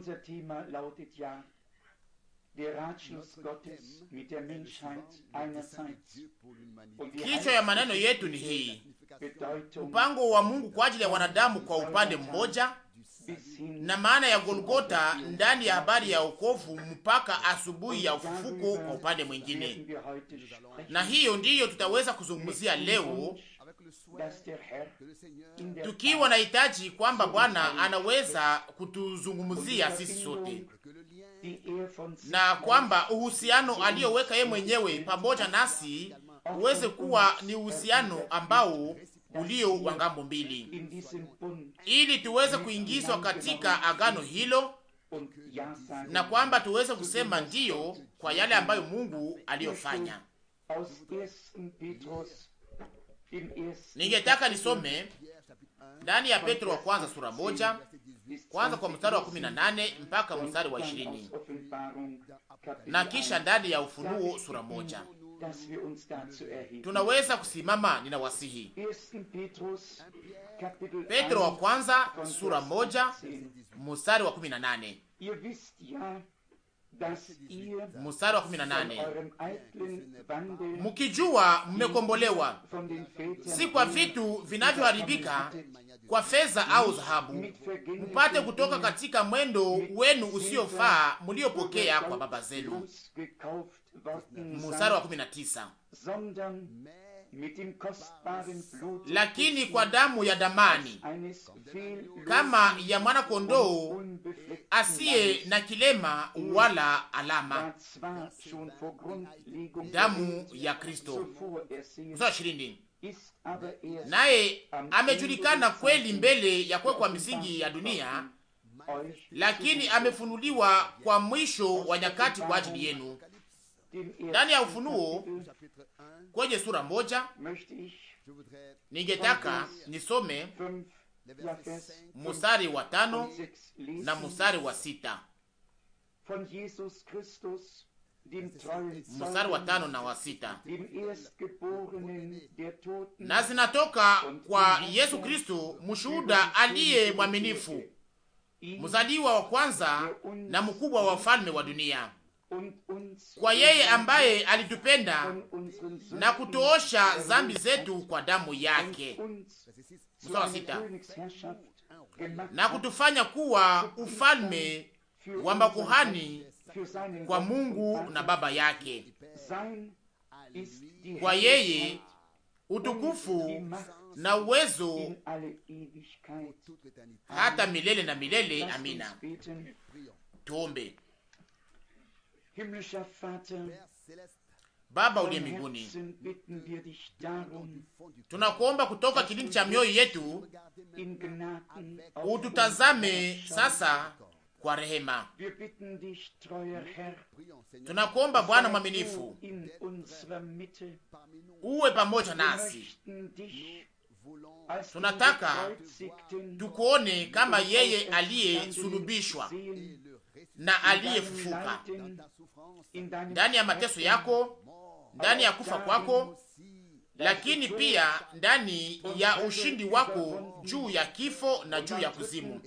Unser Thema lautet ja, der Ratschluss Gottes mit der Menschheit einerseits. Kichwa ya maneno yetu ni hii: mpango wa Mungu kwa ajili ya wanadamu kwa upande mmoja, na maana ya Golgota ndani ya habari ya wokovu mpaka asubuhi ya ufufuko kwa upande mwingine. Na hiyo ndiyo tutaweza kuzungumzia leo tukiwa na hitaji kwamba Bwana anaweza kutuzungumzia sisi sote na kwamba uhusiano aliyoweka yeye mwenyewe pamoja nasi uweze kuwa ni uhusiano ambao ulio wa ngambo mbili, ili tuweze kuingizwa katika agano hilo na kwamba tuweze kusema ndiyo kwa yale ambayo Mungu aliyofanya. Ningetaka nisome ndani ya Petro wa kwanza sura moja kwanza kwa mstari wa 18 mpaka mstari wa 20 na kisha ndani ya Ufunuo sura moja tunaweza kusimama. Ninawasihi Petro wa kwanza sura moja mstari wa 18 mstari wa nane mukijua mmekombolewa si kwa vitu vinavyoharibika kwa fedha au dhahabu, mpate kutoka katika mwendo wenu usiofaa mliopokea kwa baba zenu. Mstari wa lakini kwa damu ya damani kama ya mwana kondoo asiye na kilema wala alama, damu ya Kristo. naye amejulikana kweli mbele ya kuwekwa misingi ya dunia, lakini amefunuliwa kwa mwisho wa nyakati kwa ajili yenu. Ndani ya Ufunuo kwenye sura moja ningetaka nisome musari wa tano na musari wa sita musari wa tano na wa sita na zinatoka kwa Yesu Kristo mshuhuda aliye mwaminifu mzaliwa wa kwanza na mkubwa wa ufalme wa dunia kwa yeye ambaye alitupenda na kutoosha zambi zetu kwa damu yake, sita, na kutufanya kuwa ufalme wa makuhani kwa Mungu na Baba yake. Kwa yeye utukufu na uwezo hata milele na milele. Amina. Tuombe. Himmlischer Vater, Baba uliye mbinguni, tunakuomba kutoka kilindi cha mioyo yetu ututazame sasa kwa rehema. Tunakuomba Bwana mwaminifu, uwe pamoja nasi. Tunataka tukuone kama yeye aliyesulubishwa na aliyefufuka. Ndani ya mateso yako, ndani ya kufa kwako, lakini pia ndani ya ushindi wako juu ya kifo na juu ya kuzimu,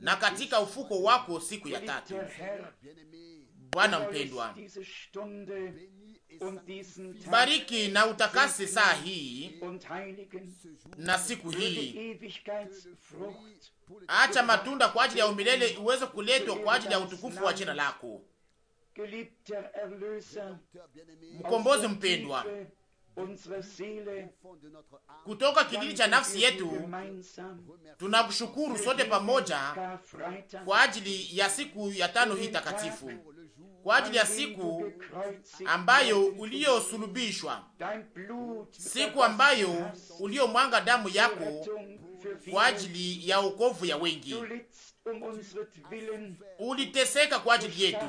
na katika ufuko wako siku ya tatu. Bwana mpendwa, bariki na utakase saa hii na siku hii. Acha matunda kwa ajili ya umilele uweze kuletwa kwa ajili ya utukufu wa jina lako, mkombozi mpendwa kutoka kilindi cha nafsi yetu. Tunakushukuru sote pamoja kwa ajili ya siku ya tano hii takatifu, kwa ajili ya siku ambayo uliyosulubishwa, siku ambayo uliyomwanga damu yako kwa ajili ya wokovu ya wengi. Um Uliteseka kwa ajili yetu,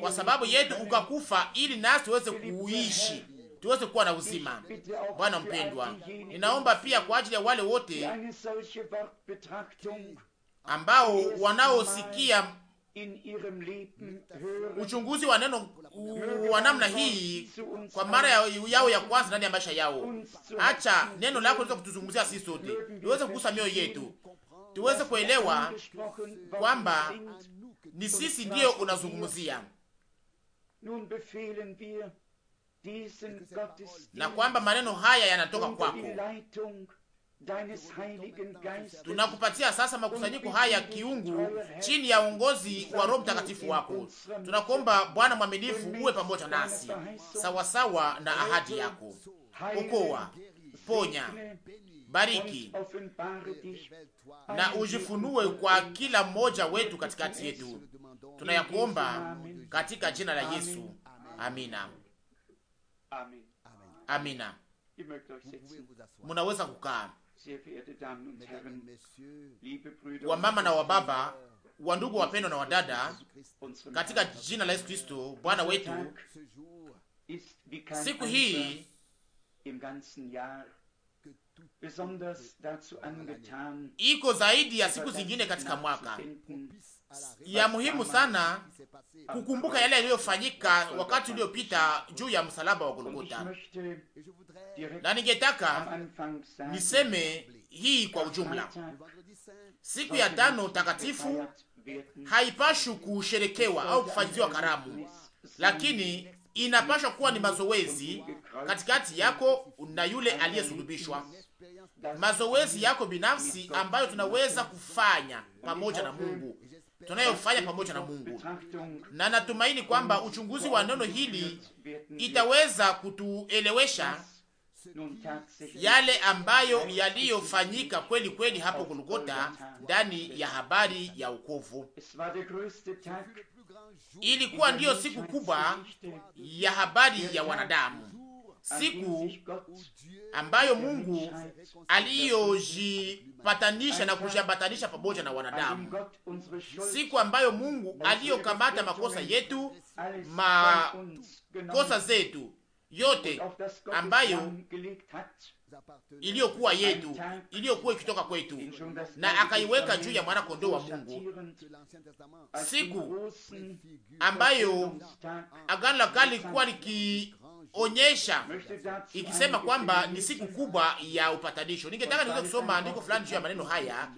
kwa sababu yetu ukakufa, ili nasi tuweze kuishi tuweze kuwa na uzima. Bwana mpendwa, ninaomba pia kwa ajili ya wale wote ambao wanaosikia uchunguzi wa neno wa namna hii kwa mara yao ya kwanza ndani ya maisha yao. Acha neno lako liweze kutuzungumzia sisi sote, tuweze kugusa mioyo yetu, tuweze kuelewa kwamba ni sisi ndiyo unazungumzia na kwamba maneno haya yanatoka kwako. Tunakupatia sasa makusanyiko haya kiungu chini ya uongozi wa Roho Mtakatifu wako. Tunakuomba Bwana mwaminifu, uwe pamoja nasi sawasawa na ahadi yako. Okoa, ponya, bariki na ujifunue kwa kila mmoja wetu katikati yetu. Tunayakuomba katika jina la Yesu, amina. Amina, munaweza kukaa. Wamama na wababa, wandugu wapendwa na wadada, katika jina la Yesu Kristo Bwana wetu, siku hii iko zaidi ya siku zingine katika mwaka ya muhimu sana kukumbuka yale yaliyofanyika wakati uliopita juu ya msalaba wa Golgota, na ningetaka niseme hii kwa ujumla. Siku ya tano takatifu haipashwi kusherekewa au kufanyiziwa karamu, lakini inapashwa kuwa ni mazoezi katikati yako na yule aliyesulubishwa, mazoezi yako binafsi ambayo tunaweza kufanya pamoja na Mungu tunayofanya pamoja na Mungu, na natumaini kwamba uchunguzi wa neno hili itaweza kutuelewesha yale ambayo yaliyofanyika kweli kweli hapo Golgotha ndani ya habari ya ukovu. Ilikuwa ndiyo siku kubwa ya habari ya wanadamu siku ambayo Mungu aliyojipatanisha na kujambatanisha pamoja na wanadamu, siku ambayo Mungu aliyokamata makosa yetu, makosa zetu yote ambayo iliyokuwa yetu iliyokuwa ikitoka kwetu na akaiweka juu ya mwana kondoo wa Mungu, siku ambayo agano la kale likuwa liki onyesha ikisema kwamba ni siku kubwa ya upatanisho. Ningetaka niweze kusoma andiko fulani juu ya maneno haya,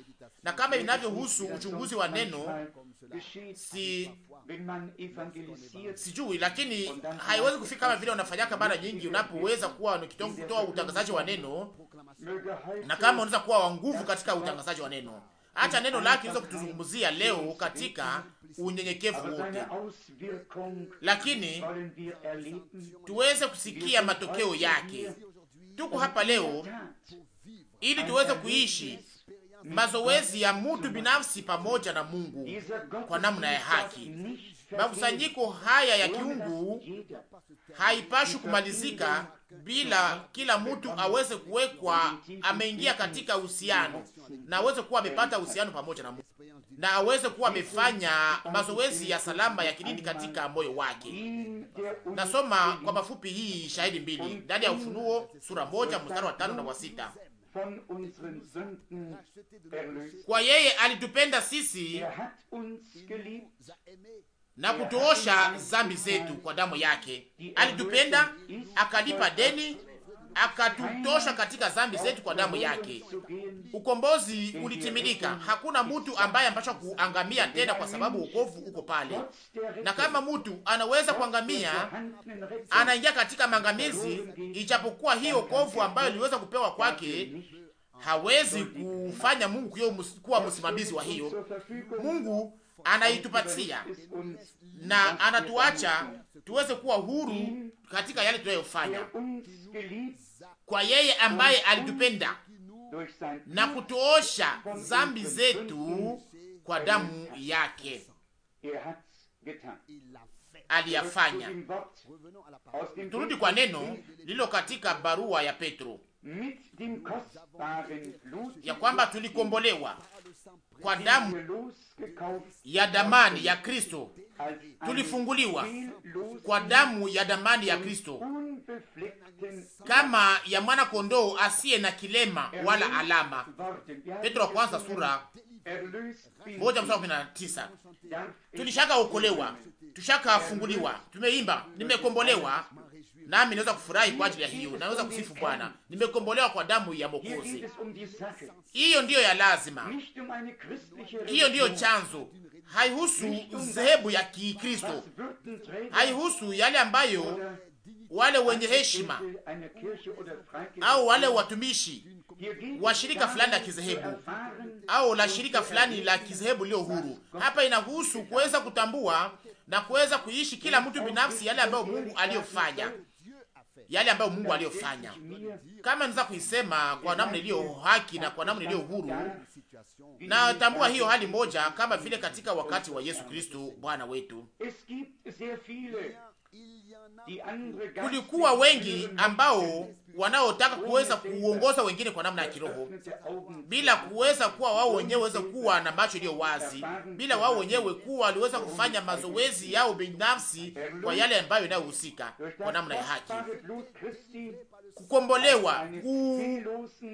na kama inavyohusu uchunguzi wa neno si sijui, lakini haiwezi kufika kama vile unafanyaka mara nyingi, unapoweza kuwa kitongo kutoa utangazaji wa neno, na kama unaweza kuwa wa nguvu katika utangazaji wa neno Acha neno lake liweze kutuzungumzia leo katika unyenyekevu wote, lakini tuweze kusikia matokeo yake. Tuko hapa leo ili tuweze kuishi mazoezi ya mtu binafsi pamoja na Mungu kwa namna ya haki. Makusanyiko haya ya kiungu haipashwi kumalizika bila kila mtu aweze kuwekwa ameingia katika uhusiano na aweze kuwa amepata uhusiano pamoja na Mungu na aweze kuwa amefanya mazoezi ya salama ya kidini katika moyo wake. Nasoma kwa mafupi hii shahidi mbili ndani ya Ufunuo sura moja mstari wa tano na wa sita. Kwa yeye alitupenda sisi na kutuosha zambi zetu kwa damu yake. Alitupenda, akalipa deni, akatutosha katika zambi zetu kwa damu yake. Ukombozi ulitimilika, hakuna mtu ambaye ambacho kuangamia tena, kwa sababu wokovu uko pale. Na kama mtu anaweza kuangamia, anaingia katika maangamizi, ijapokuwa hiyo wokovu ambayo iliweza kupewa kwake hawezi kufanya Mungu kuwa msimamizi wa hiyo. Mungu anaitupatia na anatuacha tuweze kuwa huru katika yale tunayofanya, kwa yeye ambaye alitupenda na kutuosha zambi zetu kwa damu yake aliyafanya. Turudi kwa neno lilo katika barua ya Petro ya kwamba tulikombolewa kwa damu ya damani ya Kristo, tulifunguliwa kwa damu ya damani ya Kristo, kama ya mwana kondoo asiye na kilema wala alama. Petro wa kwanza sura moja mstari kumi na tisa. Tulishaka okolewa, tushaka funguliwa, tumeimba nimekombolewa nami naweza kufurahi kwa ajili ya hiyo, naweza kusifu Bwana, nimekombolewa kwa damu ya mokozi um Hiyo ndiyo ya lazima, um hiyo ndiyo chanzo. Haihusu dhehebu um ya Kikristo, haihusu yale ambayo wale wenye heshima au wale watumishi wa shirika fulani la kizehebu au la shirika fulani la kizehebu lio huru. Hapa inahusu kuweza kutambua na kuweza kuishi kila mtu binafsi yale ambayo Mungu aliyofanya yale ambayo Mungu aliyofanya. Kama niza kuisema kwa namna iliyo haki na kwa namna iliyo huru, na tambua hiyo hali moja, kama vile katika wakati wa Yesu Kristo Bwana wetu kulikuwa wengi ambao wanaotaka kuweza kuongoza wengine kwa namna ya kiroho, bila kuweza kuwa wao wenyewe waweza kuwa na macho iliyo wazi, bila wao wenyewe kuwa waliweza kufanya mazoezi yao binafsi kwa yale ambayo inayohusika kwa namna ya haki, kukombolewa,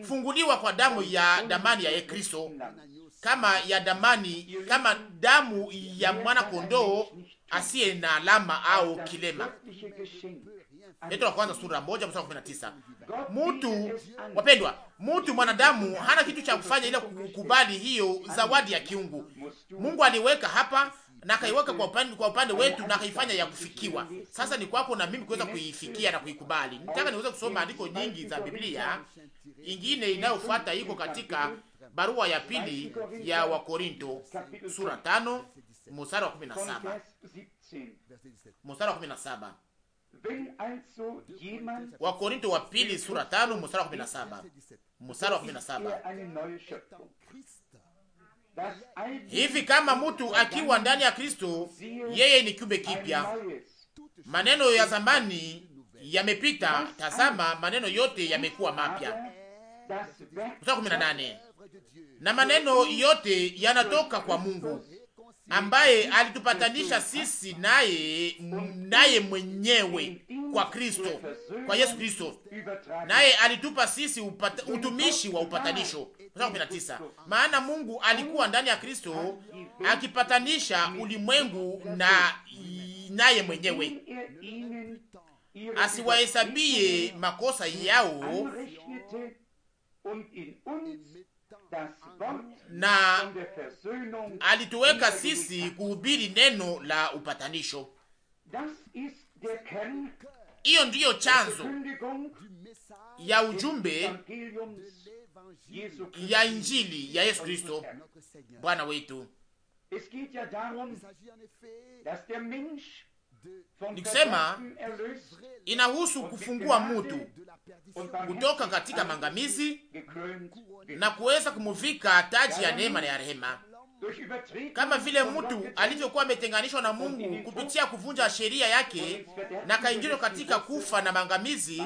kufunguliwa kwa damu ya damani ya Kristo, kama ya damani, kama damu ya mwana kondoo asiye na alama au kilema Petro wa kwanza sura moja mstari wa 19. Mtu wapendwa, mtu mwanadamu hana kitu cha kufanya ila kukubali hiyo zawadi ya kiungu. Mungu aliweka hapa na akaiweka kwa upande kwa upande wetu na akaifanya ya kufikiwa. Sasa ni kwako na mimi kuweza kuifikia na kuikubali. Nataka niweze kusoma andiko nyingi za Biblia. Ingine inayofuata iko katika barua ya pili ya Wakorinto sura tano mstari wa 17. Mstari wa 17. Wa Korinto wa pili sura tano mstari wa 17, mstari wa saba Hivi kama mtu akiwa ndani ya Kristo, yeye ni kiumbe kipya, maneno ya zamani yamepita, tazama maneno yote yamekuwa mapya. Mstari wa 18, na maneno yote yanatoka kwa Mungu ambaye alitupatanisha sisi naye naye mwenyewe kwa Kristo, kwa Yesu Kristo, naye alitupa sisi upata, utumishi wa upatanisho. Maana Mungu alikuwa ndani ya Kristo akipatanisha ulimwengu na naye mwenyewe, asiwahesabie makosa yao na alituweka sisi kuhubiri neno la upatanisho. Hiyo ndiyo chanzo ya ujumbe ya injili ya Yesu Kristo Bwana wetu. Nikisema inahusu kufungua mtu kutoka katika mangamizi na kuweza kumuvika taji ya neema na ya rehema kama vile mtu alivyokuwa ametenganishwa na Mungu kupitia kuvunja sheria yake na kaingirwa katika kufa na mangamizi,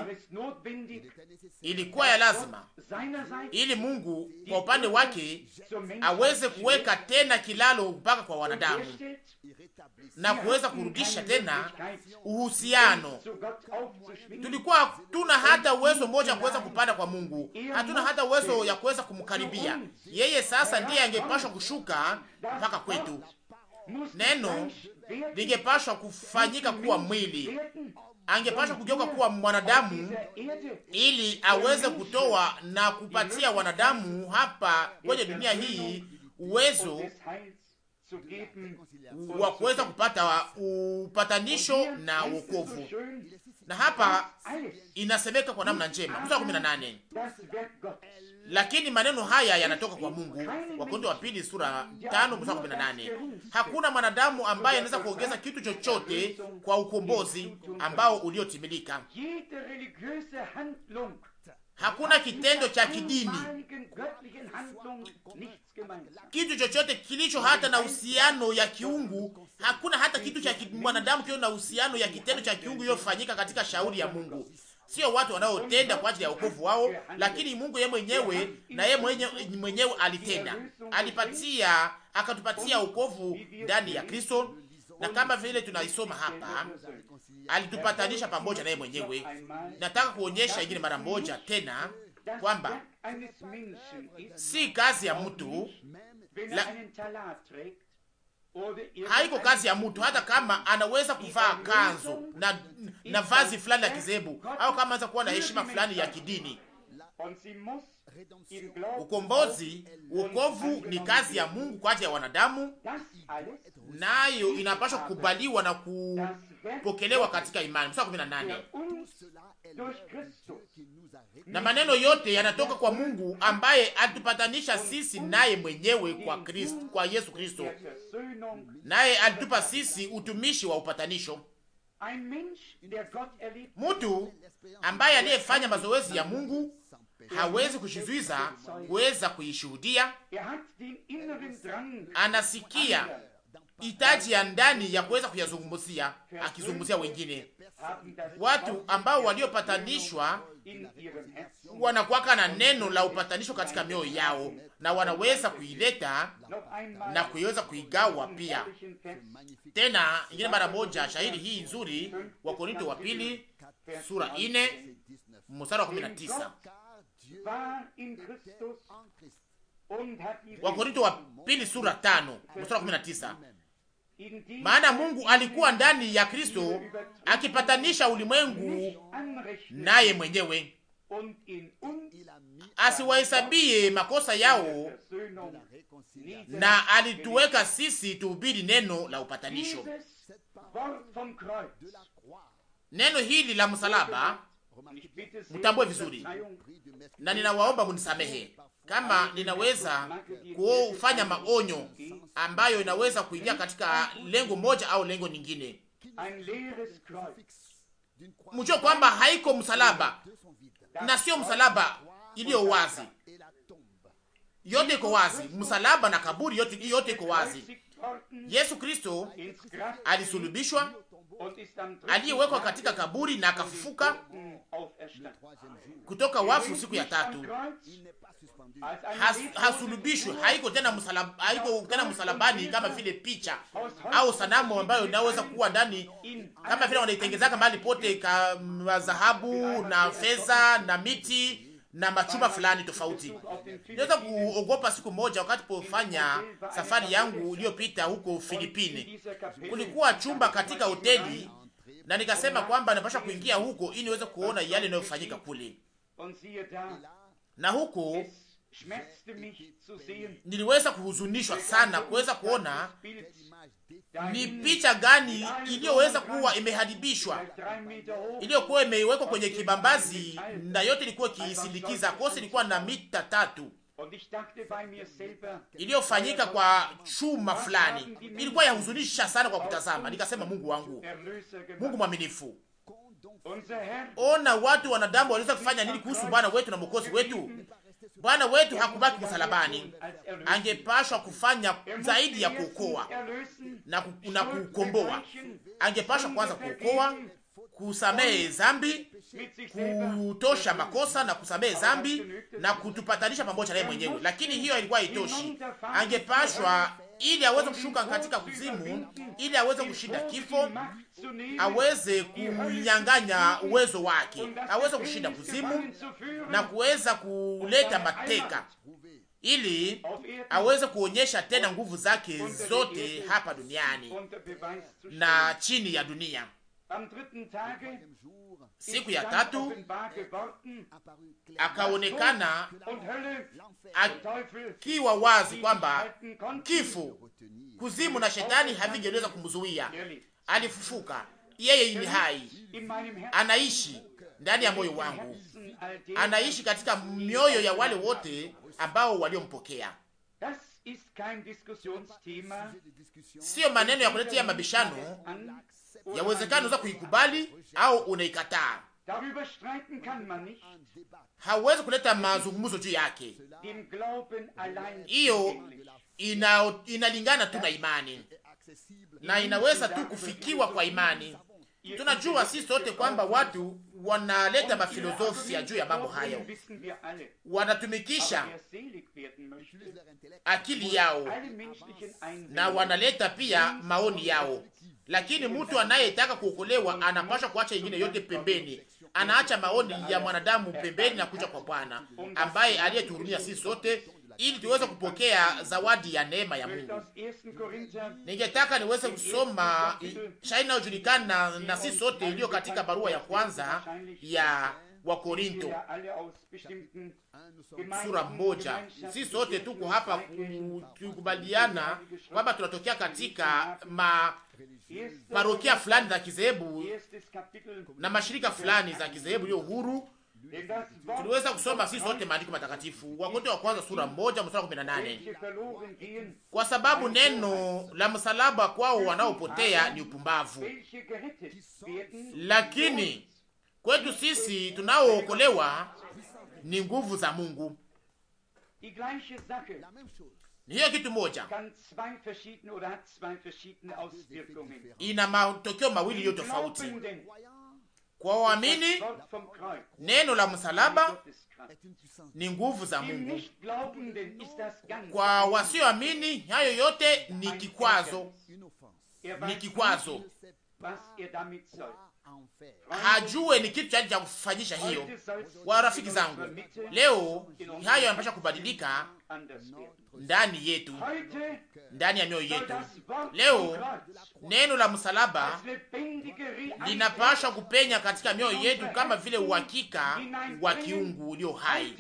ilikuwa ya lazima ili Mungu kwa upande wake aweze kuweka tena kilalo mpaka kwa wanadamu na kuweza kurudisha tena uhusiano. Tulikuwa tuna hata uwezo mmoja kuweza kupanda kwa Mungu, hatuna hata uwezo ya kuweza kumkaribia yeye. Sasa ndiye angepashwa kushuka mpaka kwetu. Neno lingepashwa kufanyika kuwa mwili, angepashwa kugeuka kuwa mwanadamu ili aweze kutoa na kupatia wanadamu hapa kwenye dunia hii uwezo wa kuweza kupata upatanisho na wokovu. Na hapa inasemeka kwa namna njema, mstari wa nane lakini maneno haya yanatoka kwa Mungu. Wakorintho wa pili sura 5 mstari wa 18. Hakuna mwanadamu ambaye anaweza kuongeza kitu chochote kwa ukombozi ambao uliotimilika. Hakuna kitendo cha kidini kitu chochote kilicho hata na uhusiano ya kiungu. Hakuna hata kitu cha mwanadamu kilicho na uhusiano ya kitendo cha kiungu iliyofanyika katika shauri ya Mungu sio watu wanaotenda kwa ajili ya wokovu wao, lakini Mungu yeye mwenyewe na yeye mwenyewe alitenda, alipatia, akatupatia wokovu ndani ya Kristo, na kama vile tunaisoma hapa, alitupatanisha pamoja naye mwenyewe. Nataka kuonyesha ingine mara moja tena kwamba si kazi ya mtu la, haiko kazi ya mtu, hata kama anaweza kuvaa kanzu na, na vazi fulani la kizebu au kama anaweza kuwa na heshima fulani ya kidini. Ukombozi, uokovu ni kazi ya Mungu kwa ajili ya wanadamu, nayo inapaswa kukubaliwa na kupokelewa katika imani. Mstari 18 na maneno yote yanatoka kwa Mungu ambaye alitupatanisha sisi naye mwenyewe kwa Kristo, kwa Yesu Kristo, naye alitupa sisi utumishi wa upatanisho. Mtu ambaye aliyefanya mazoezi ya Mungu hawezi kushizuiza kuweza kuishuhudia, anasikia hitaji ya ndani ya kuweza kuyazungumzia, akizungumzia wengine, watu ambao waliopatanishwa wanakuwaka na neno la upatanisho katika mioyo yao, na wanaweza kuileta na kuiweza kuigawa pia. Tena ingine mara moja, shahidi hii nzuri wa Korinto wa pili sura ine mstari wa kumi na tisa. Wakorinto wa pili sura tano mstari wa kumi na tisa maana Mungu alikuwa ndani ya Kristo akipatanisha ulimwengu naye mwenyewe, asiwahesabie makosa yao, na alituweka sisi tuhubiri neno la upatanisho. Neno hili la msalaba mtambue vizuri, na ninawaomba munisamehe kama ninaweza kufanya maonyo ambayo inaweza kuingia katika lengo moja au lengo nyingine. Mjue kwamba haiko msalaba na sio msalaba iliyo wazi, yote iko wazi. Msalaba na kaburi, yote yote iko wazi. Yesu Kristo alisulubishwa, aliyewekwa katika kaburi na akafufuka kutoka wafu siku ya tatu hasulubishwe, haiko tena msalaba, haiko tena msalabani kama vile picha au sanamu ambayo inaweza kuwa ndani, kama vile wanaitengezaka mahali pote kama mm, dhahabu na fedha na miti na machuma fulani tofauti. Niweza kuogopa siku moja, wakati pofanya safari yangu iliyopita huko Filipine, kulikuwa chumba katika hoteli na nikasema kwamba napasha kuingia huko ili niweze kuona yale yanayofanyika kule na huko niliweza kuhuzunishwa sana kuweza kuona ni picha gani iliyoweza kuwa imeharibishwa, iliyokuwa imewekwa kwenye kibambazi, na yote ilikuwa ikiisindikiza. Kosi ilikuwa na mita tatu iliyofanyika kwa chuma fulani, ilikuwa yahuzunisha sana kwa kutazama. Nikasema, Mungu wangu, Mungu mwaminifu Ona watu wanadamu waliweza kufanya nini kuhusu Bwana wetu na Mwokozi wetu? Bwana wetu hakubaki msalabani, angepashwa kufanya zaidi ya kuokoa na, na kukomboa. Angepashwa kwanza kuokoa, kusamehe zambi, kutosha makosa na kusamehe zambi na kutupatanisha pamoja naye mwenyewe, lakini hiyo ilikuwa haitoshi. Angepashwa ili aweze kushuka katika kuzimu, ili aweze kushinda kifo, aweze kunyang'anya uwezo wake, aweze kushinda kuzimu na kuweza kuleta mateka, ili aweze kuonyesha tena nguvu zake zote hapa duniani na chini ya dunia. Siku ya tatu akaonekana akiwa wazi kwamba kifo, kuzimu na shetani havingeweza kumzuia. Alifufuka, yeye ni hai, anaishi ndani ya moyo wangu, anaishi katika mioyo ya wale wote ambao waliompokea. Siyo maneno ya kuletea mabishano, yawezekana unaweza kuikubali au unaikataa. Hawezi kuleta mazungumzo juu yake, hiyo ina, inalingana tu na imani na inaweza tu kufikiwa kwa imani. Tunajua sisi sote kwamba watu wanaleta mafilosofia juu ya mambo hayo, wanatumikisha akili yao na wanaleta pia maoni yao, lakini mtu anayetaka kuokolewa anapaswa kuacha ingine yote pembeni, anaacha maoni ya mwanadamu pembeni na kuja kwa Bwana ambaye aliyetuhurumia sisi sote ili tuweze kupokea zawadi ya neema ya Mungu. Ningetaka niweze kusoma shairi inayojulikana na sisi sote iliyo katika barua ya kwanza ya wa Korinto sura moja. si sote tuko hapa kukubaliana kwamba tunatokea katika ma parokia fulani za kizehebu na mashirika fulani za kizehebu hiyo huru. Tuliweza kusoma si sote maandiko matakatifu Wakorintho wa kwanza sura moja mstari kumi na nane kwa sababu neno la msalaba kwao wanaopotea ni upumbavu, lakini Kwetu sisi tunaookolewa ni nguvu za Mungu. Ni hiyo kitu moja, ina matokeo mawili yo tofauti kwa waamini. Neno la msalaba ni nguvu za Mungu, kwa wasioamini hayo yote ni kikwazo, er ni kikwazo hajue ni kitu chani cha kufanyisha hiyo. Wa rafiki zangu, leo hayo yanapasha kubadilika ndani yetu, ndani ya mioyo yetu. Leo neno la msalaba linapasha kupenya katika mioyo yetu kama vile uhakika wa kiungu ulio hai.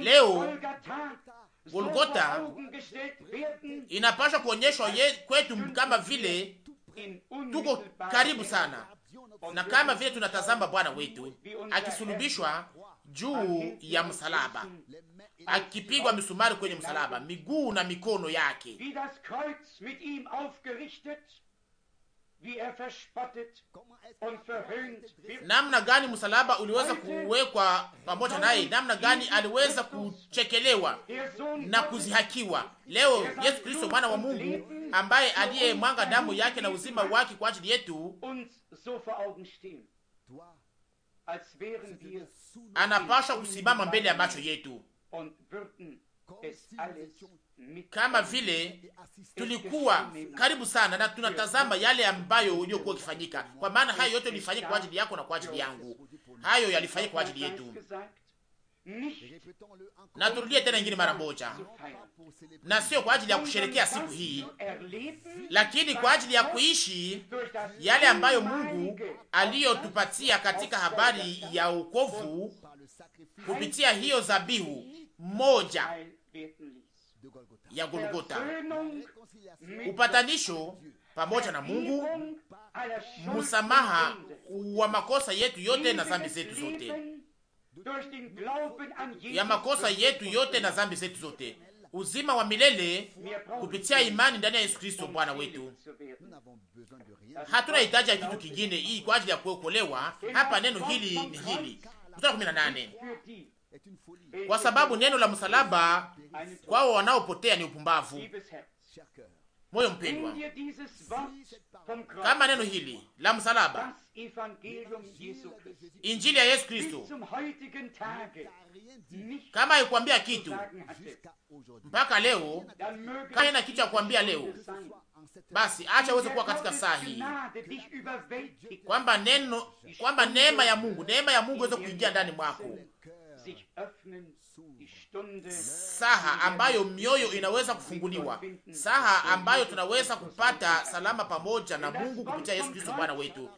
Leo Golgota inapasha kuonyeshwa kwetu kama vile tuko karibu sana, na kama vile tunatazama Bwana wetu akisulubishwa juu ya msalaba, akipigwa misumari kwenye msalaba, miguu na mikono yake Er und verhöhnt. Namna gani msalaba uliweza kuwekwa pamoja naye, namna gani aliweza kuchekelewa na kuzihakiwa. Leo er Yesu Kristo mwana wa Mungu ambaye aliye mwanga damu yake na uzima wake kwa ajili yetu anapasha kusimama mbele ya macho yetu kama vile tulikuwa karibu sana na tunatazama yale ambayo uliokuwa ukifanyika, kwa maana hayo yote ulifanyika kwa ajili yako na kwa ajili yangu, hayo yalifanyika kwa ajili yetu. Na turudie tena ingine mara moja, na sio kwa ajili ya kusherekea siku hii, lakini kwa ajili ya kuishi yale ambayo Mungu aliyotupatia katika habari ya ukovu kupitia hiyo zabihu moja ya Golgota, upatanisho pamoja na Mungu, musamaha wa makosa yetu yote na zambi zetu zote, ya makosa yetu yote na zambi zetu zote, uzima wa milele kupitia imani ndani ya Yesu Kristo Bwana wetu. Hatuna hitaji ya kitu kingine, hii kwa ajili ya kuokolewa. Hapa neno hili ni hili, mstari kwa sababu neno la msalaba kwao wanaopotea ni upumbavu. Moyo mpendwa, kama neno hili la msalaba, injili ya Yesu Kristo, kama ikwambia kitu mpaka leo, kama ina kitu ya kuambia leo, basi acha uweze kuwa katika saa hii, kwamba neno, kwamba neema ya Mungu, neema ya Mungu iweze kuingia ndani mwako saha ambayo mioyo inaweza kufunguliwa, saha ambayo tunaweza kupata salama pamoja na Mungu kupitia Yesu Kristo Bwana wetu.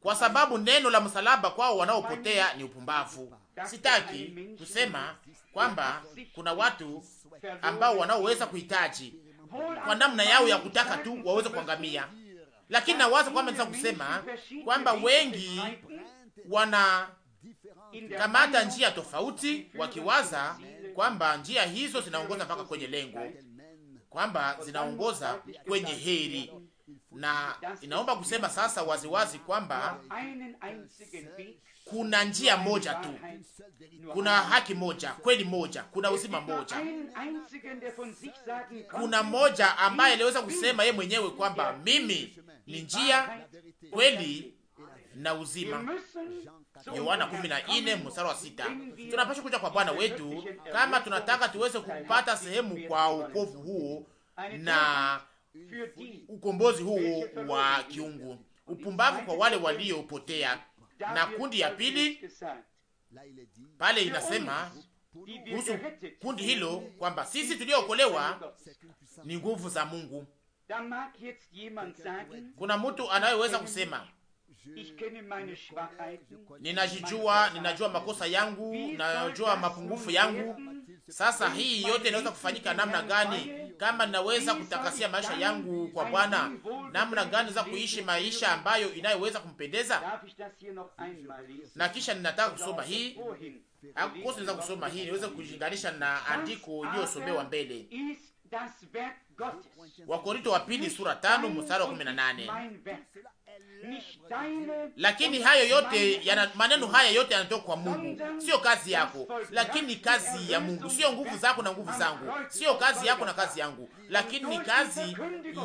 Kwa sababu neno la msalaba kwao wanaopotea ni upumbavu. Sitaki kusema kwamba kuna watu ambao wanaoweza kuhitaji kwa namna yao ya kutaka tu waweze kuangamia, lakini nawaza kwamba naweza kusema kwamba wengi wanakamata njia tofauti, wakiwaza kwamba njia hizo zinaongoza mpaka kwenye lengo, kwamba zinaongoza kwenye heri, na inaomba kusema sasa waziwazi kwamba kuna njia moja tu, kuna haki moja, kweli moja, kuna uzima moja, kuna moja ambaye aliweza kusema ye mwenyewe kwamba mimi ni njia, kweli na uzima. Yohana 14 mstari wa sita. Tunapaswa kuja kwa Bwana wetu kama tunataka tuweze kupata sehemu kwa wokovu huo na ukombozi huo wa kiungu, upumbavu kwa wale waliopotea. Na kundi ya pili pale inasema kuhusu kundi hilo kwamba sisi tuliokolewa ni nguvu za Mungu. Kuna mtu anayeweza kusema ninajijua, ninajua makosa yangu, ninajua mapungufu yangu. Sasa hii yote inaweza kufanyika namna gani? Kama ninaweza kutakasia maisha yangu kwa Bwana, namna gani za kuishi maisha ambayo inayoweza kumpendeza? Na kisha ninataka kusoma hii akosi, naweza kusoma hii niweze kujilinganisha na andiko iliyosomewa mbele, Wakorinto wa pili sura tano mstari wa kumi na nane. Lakini hayo yote yana, maneno haya yote yanatoka kwa Mungu, sio kazi yako, lakini kazi ya Mungu, sio nguvu zako na nguvu zangu, sio kazi yako na kazi yangu, lakini ni kazi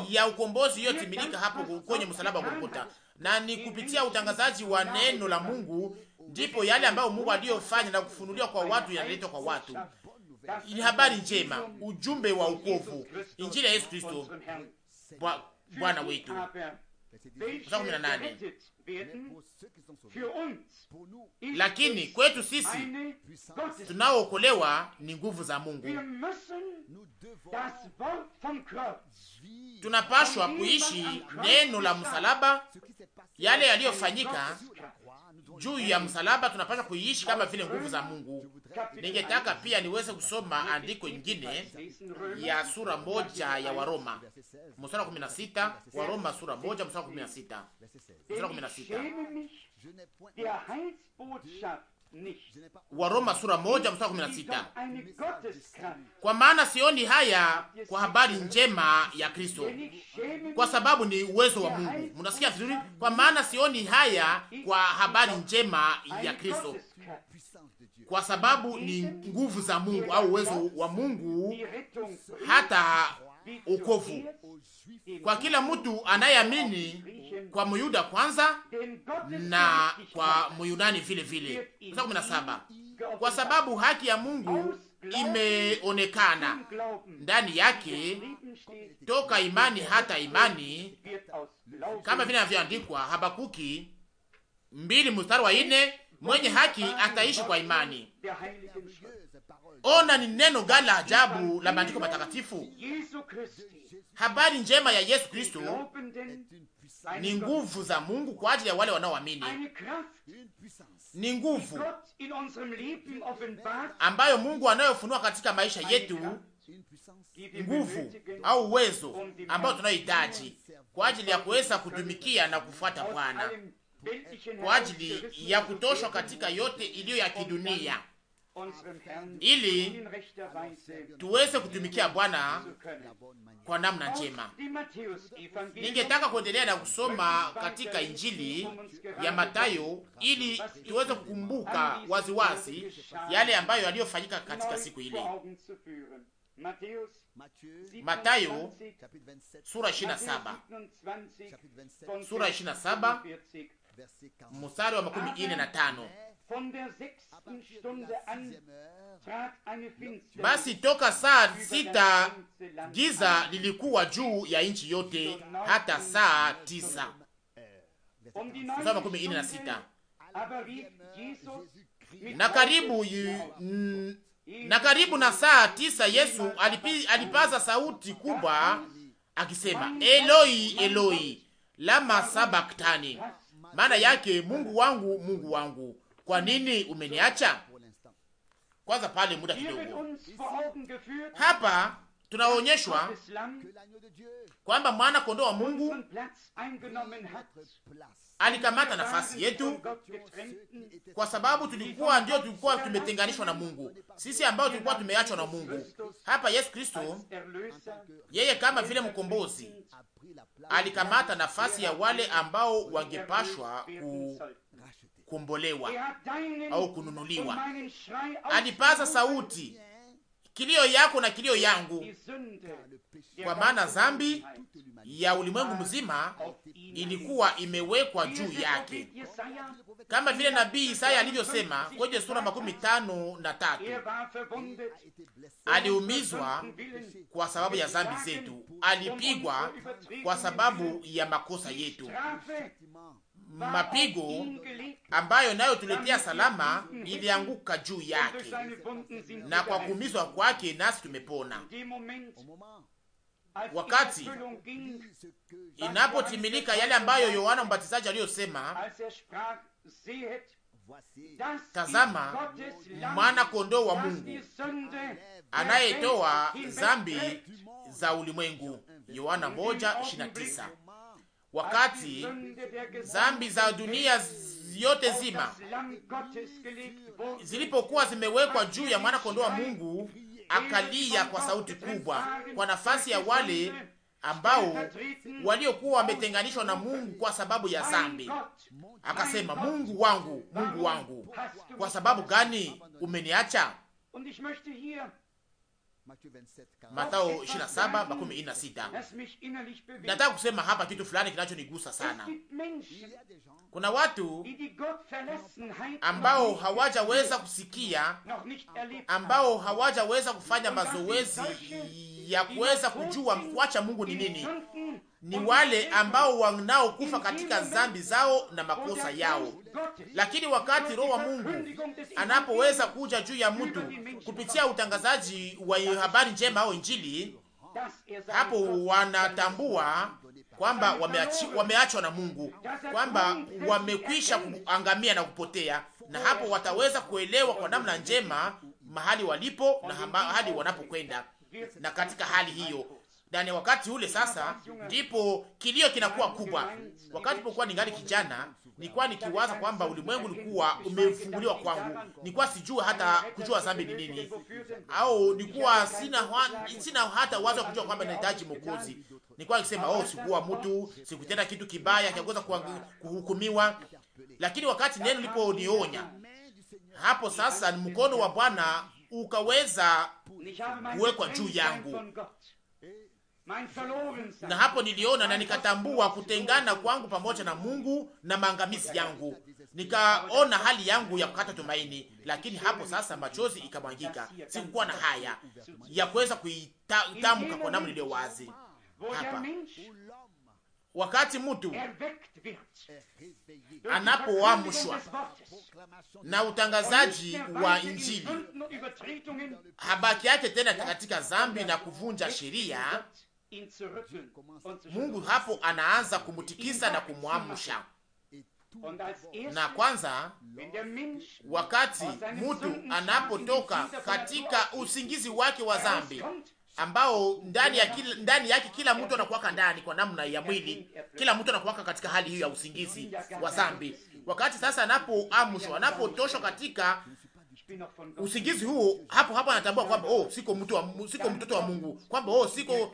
ya ukombozi iliyotimilika hapo kwenye msalaba wa Golgotha, na ni kupitia utangazaji wa neno la Mungu ndipo yale ambayo Mungu aliyofanya na kufunuliwa kwa watu yanaletwa kwa watu. Ni habari njema, ujumbe wa ukovu, injili ya Yesu Kristo Bwana wetu. Lakini kwetu sisi tunaookolewa ni nguvu za Mungu. Tunapashwa kuishi neno la msalaba, yale yaliyofanyika juu ya msalaba, tunapaswa kuiishi kama vile nguvu za Mungu. Ningetaka pia niweze kusoma andiko ingine ya sura moja ya Waroma mstari wa 16. Waroma sura moja mstari wa 16, mstari wa 16 Waroma sura moja mstari kumi na sita. Kwa maana sioni haya kwa habari njema ya Kristo, kwa sababu ni uwezo wa Mungu. Mnasikia vizuri? Kwa maana sioni haya kwa habari njema ya Kristo, kwa sababu ni nguvu za Mungu au uwezo wa Mungu, hata ukovu kwa kila mtu anayeamini, kwa Muyuda kwanza na kwa Muyunani vile vile. kumi na saba kwa sababu haki ya Mungu imeonekana ndani yake toka imani hata imani, kama vile navyoandikwa Habakuki mbili mstari wa nne mwenye haki ataishi kwa imani. Ona ni neno gani la ajabu la maandiko matakatifu. Habari njema ya Yesu Kristo ni nguvu za Mungu kwa ajili ya wale wanaoamini. Ni nguvu ambayo Mungu anayofunua katika maisha yetu, nguvu au uwezo ambao tunayohitaji kwa ajili ya kuweza kutumikia na kufuata Bwana, kwa ajili ya kutoshwa katika yote iliyo ya kidunia ili tuweze kutumikia Bwana kwa namna njema. Ningetaka kuendelea na kusoma katika Injili ya Matayo ili tuweze kukumbuka waziwazi yale ambayo yaliyofanyika katika siku ile. Matayo sura 27, sura 27 mstari wa makumi ine na tano. Basi toka saa sita giza lilikuwa juu ya nchi yote hata saa tisa. Um na karibu na karibu na saa tisa Yesu alipi, alipaza sauti kubwa akisema Eloi Eloi lama sabaktani, maana yake Mungu wangu Mungu wangu kwa nini umeniacha? Kwanza pale muda kidogo. Hapa tunaonyeshwa kwamba mwana kondoo wa Mungu alikamata nafasi yetu, kwa sababu tulikuwa ndio tulikuwa tumetenganishwa na Mungu, sisi ambao tulikuwa tumeachwa na Mungu. Hapa Yesu Kristo, yeye kama vile mkombozi, alikamata nafasi ya wale ambao wangepashwa ku kukombolewa au kununuliwa. Alipaza sauti kilio yako na kilio yangu, kwa maana dhambi ya ulimwengu mzima ilikuwa imewekwa juu yake, kama vile nabii Isaya alivyosema kwenye sura makumi tano na tatu aliumizwa kwa sababu ya dhambi zetu, alipigwa kwa sababu ya makosa yetu, mapigo ambayo nayo tuletea salama ilianguka juu yake, na kwa kuumizwa kwake nasi tumepona. Wakati inapotimilika yale ambayo Yohana Mbatizaji aliyosema, tazama mwana kondoo wa Mungu anayetoa zambi za ulimwengu, Yohana moja ishirini na tisa wakati zambi za dunia yote zima zilipokuwa zimewekwa juu ya mwana kondoo wa Mungu, akalia kwa sauti kubwa kwa nafasi ya wale ambao waliokuwa wametenganishwa na Mungu kwa sababu ya zambi. Akasema, Mungu wangu, Mungu wangu, kwa sababu gani umeniacha? Matao 27 makumi ine na sita. Nataka kusema hapa kitu fulani kinachonigusa sana. Kuna watu ambao hawajaweza kusikia, ambao hawajaweza kufanya mazoezi ya kuweza kujua kuacha Mungu ni nini, ni wale ambao wanaokufa katika dhambi zao na makosa yao. Lakini wakati Roho wa Mungu anapoweza kuja juu ya mtu kupitia utangazaji wa habari njema au Injili, hapo wanatambua kwamba wameachwa na Mungu, kwamba wamekwisha kuangamia na kupotea, na hapo wataweza kuelewa kwa namna njema mahali walipo na mahali wanapokwenda. Na katika hali hiyo ndani ya wakati ule sasa, ndipo kilio kinakuwa kubwa. Wakati pokuwa ningali kijana, nilikuwa nikiwaza kwamba ulimwengu ulikuwa umefunguliwa kwangu, nilikuwa sijua hata kujua zambi ni nini, au nilikuwa sina, sina hata wazo wa kujua kwamba ninahitaji Mwokozi. Nilikuwa nikisema oh, sikuwa mtu, sikutenda kitu kibaya kiagoza kuhukumiwa. Lakini wakati neno liponionya hapo sasa, ni mkono wa Bwana ukaweza kuwekwa juu yangu na hapo niliona na nikatambua kutengana kwangu pamoja na Mungu na maangamizi yangu, nikaona hali yangu ya kukata tumaini. Lakini hapo sasa machozi ikamwangika, sikukuwa na haya ya kuweza kuitamka kwa namna iliyo wazi hapa wakati mtu anapoamshwa na utangazaji wa Injili, habaki yake tena katika zambi na kuvunja sheria Mungu hapo anaanza kumutikisa na kumwamsha. Na kwanza, wakati mtu anapotoka katika usingizi wake wa zambi ambao ndani ya kila, ndani yake kila mtu anakuwaka ndani kwa namna ya mwili, kila mtu anakuwaka katika hali hiyo ya usingizi wa zambi Wakati sasa anapoamshwa, anapotoshwa katika usingizi huo, hapo hapo anatambua kwamba oh, siko mtu wa, siko mtoto wa Mungu, kwamba oh, siko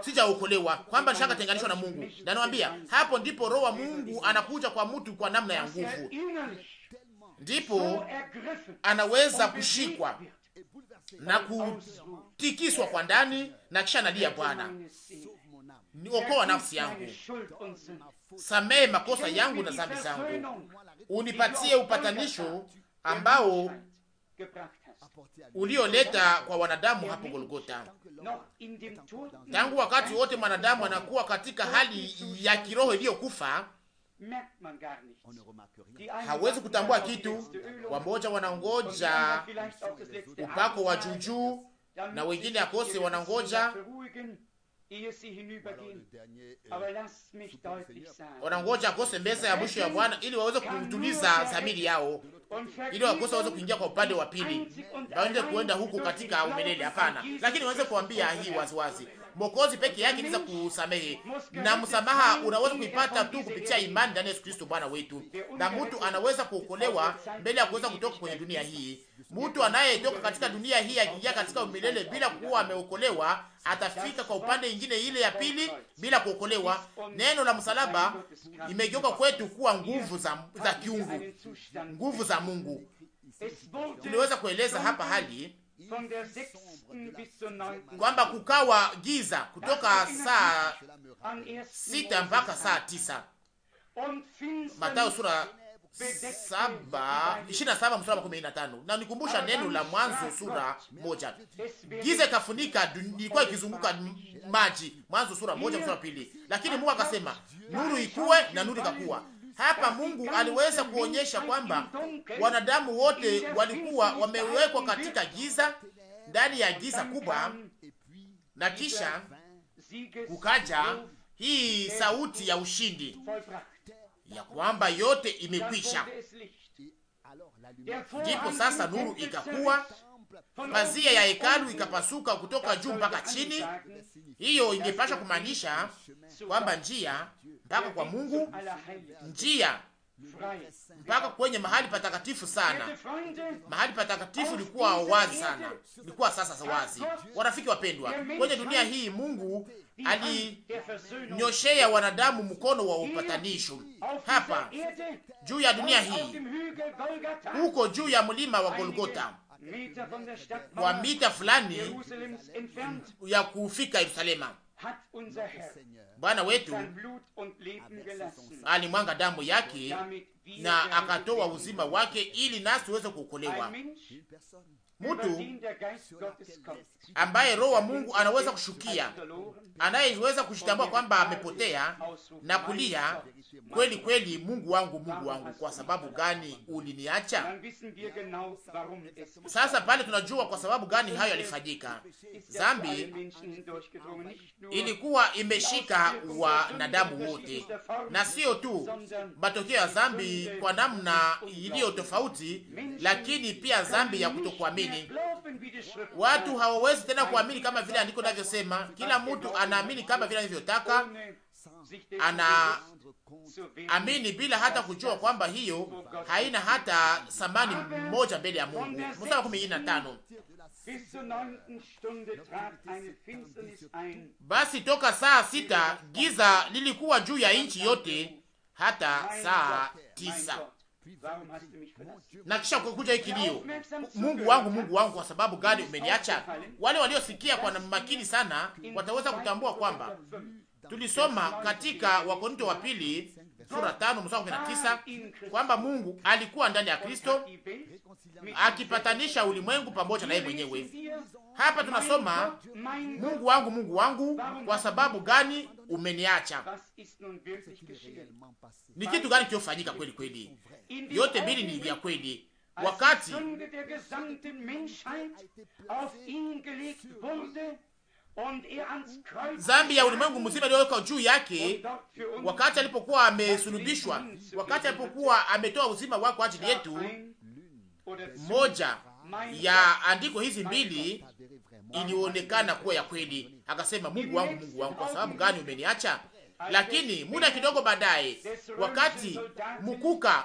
sijaokolewa, kwamba nishakatenganishwa na Mungu. Na niwaambia hapo ndipo roho wa Mungu anakuja kwa mtu kwa namna ya nguvu, ndipo anaweza kushikwa na kutikiswa kwa ndani, na kisha nalia, Bwana niokoa nafsi yangu, samehe makosa yangu na dhambi zangu, unipatie upatanisho ambao ulioleta kwa wanadamu hapo Golgota. Tangu wakati wote mwanadamu anakuwa katika hali ya kiroho iliyokufa, hawezi kutambua kitu. Wamoja wanangoja upako wa juujuu na wengine akose wanangoja wanangoja akose meza ya mwisho ya Bwana ili waweze kutuliza dhamiri yao, ili wakose waweze kuingia kwa upande wa pili, waweze kuenda huku katika umelele. Hapana, lakini waweze kuambia hii waziwazi Mwokozi peke yake anaweza kusamehe, na msamaha unaweza kuipata tu kupitia imani ndani ya Yesu Kristo Bwana wetu. Na mtu anaweza kuokolewa mbele ya kuweza kutoka kwenye dunia hii. Mtu anayetoka katika dunia hii akiingia katika umilele bila kuwa ameokolewa, atafika kwa upande ingine ile ya pili bila kuokolewa. Neno la msalaba imegeuka kwetu kuwa nguvu za, za kiungu, nguvu za Mungu. Tuliweza kueleza hapa hali kwamba kukawa giza kutoka saa sita mpaka saa tisa. Matayo sura saba ishirini na saba mstari na tano. Na nikumbusha neno la Mwanzo sura moja, giza ikafunika, ilikuwa ikizunguka maji. Mwanzo sura moja mstari pili, lakini Mungu akasema nuru ikuwe, na nuru ikakuwa. Hapa Mungu aliweza kuonyesha kwamba wanadamu wote walikuwa wamewekwa katika giza, ndani ya giza kubwa, na kisha kukaja hii sauti ya ushindi ya kwamba yote imekwisha. Ndipo sasa nuru ikakuwa, pazia ya hekalu ikapasuka kutoka juu mpaka chini. Hiyo ingepasha kumaanisha kwamba njia mpaka kwa Mungu, njia mpaka kwenye mahali patakatifu sana. Mahali patakatifu oh, ilikuwa wazi sana, ilikuwa sasa wazi. Warafiki wapendwa, kwenye dunia hii Mungu alinyoshea wanadamu mkono wa upatanisho hapa juu ya dunia hii, huko juu ya mlima wa Golgota wa mita fulani ya kufika Yerusalema. Bwana wetu alimwanga damu yake na akatoa uzima wake ili nasi tuweze kuokolewa. Mtu ambaye roho wa Mungu anaweza kushukia, anayeweza kujitambua kwamba amepotea na kulia kweli kweli, Mungu wangu, Mungu wangu, kwa sababu gani uliniacha? Sasa pale tunajua kwa sababu gani hayo yalifanyika. Zambi ilikuwa imeshika wanadamu wote, na sio tu matokeo ya zambi kwa namna iliyo tofauti, lakini pia zambi ya kutokuamini. Watu hawawezi tena kuamini kama vile andiko navyosema, kila mtu anaamini kama vile anavyotaka anaamini bila hata kujua kwamba hiyo haina hata thamani moja mbele ya Mungu. Mstari kumi na tano basi toka saa sita giza lilikuwa juu ya nchi yote hata saa tisa na kisha kukuja hiki Mungu wangu, Mungu wangu, kwa sababu gani umeniacha? Wale waliosikia kwa makini sana wataweza kutambua kwamba Tulisoma katika Wakorinto wa pili sura tano mstari wa tisa kwamba Mungu alikuwa ndani ya Kristo akipatanisha ulimwengu pamoja na yeye mwenyewe. Hapa tunasoma Mungu wangu, Mungu wangu, kwa sababu gani umeniacha? Ni kitu gani kiofanyika kweli kweli? Yote mbili ni vya kweli wakati Er zambi ya ulimwengu mzima iliyowekwa juu yake wakati alipokuwa amesulubishwa, wakati alipokuwa ametoa uzima wake kwa ajili yetu. Moja ya andiko hizi mbili ilionekana kuwa ya kweli, akasema, Mungu wangu, Mungu wangu, kwa sababu gani umeniacha? Lakini muda kidogo baadaye, wakati mkuka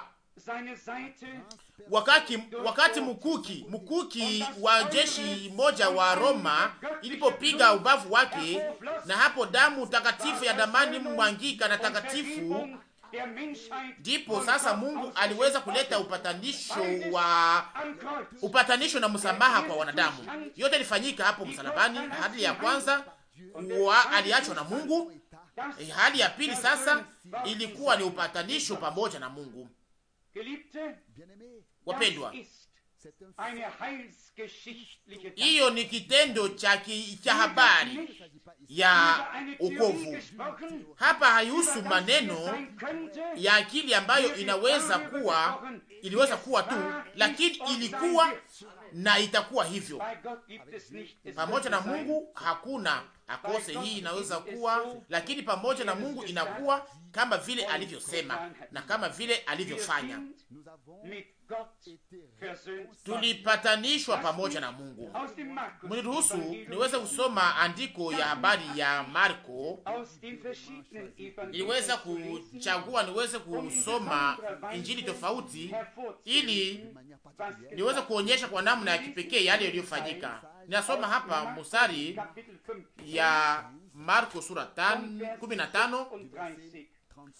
wakati, wakati mkuki mkuki wa jeshi moja wa Roma ilipopiga ubavu wake, na hapo damu takatifu ya damani mwangika na takatifu, ndipo sasa Mungu aliweza kuleta upatanisho wa upatanisho na msamaha kwa wanadamu. Yote ilifanyika hapo msalabani. Hadi ya kwanza wa aliachwa na Mungu. E, hali ya pili sasa ilikuwa ni upatanisho pamoja na Mungu. Wapendwa, hiyo ni kitendo cha habari ya ukovu. Hapa haihusu maneno ya akili ambayo inaweza kuwa iliweza kuwa tu, lakini ilikuwa na itakuwa hivyo. Pamoja na Mungu hakuna akose. Hii inaweza kuwa, lakini pamoja na Mungu inakuwa kama vile alivyosema na kama vile alivyofanya. Tulipatanishwa pamoja na Mungu. Mniruhusu niweze kusoma andiko ya habari ya Marko. Niweza kuchagua niweze kusoma injili tofauti ili niweze kuonyesha kwa namna ya kipekee yale yaliyofanyika Ninasoma hapa mstari ya Marko sura 15,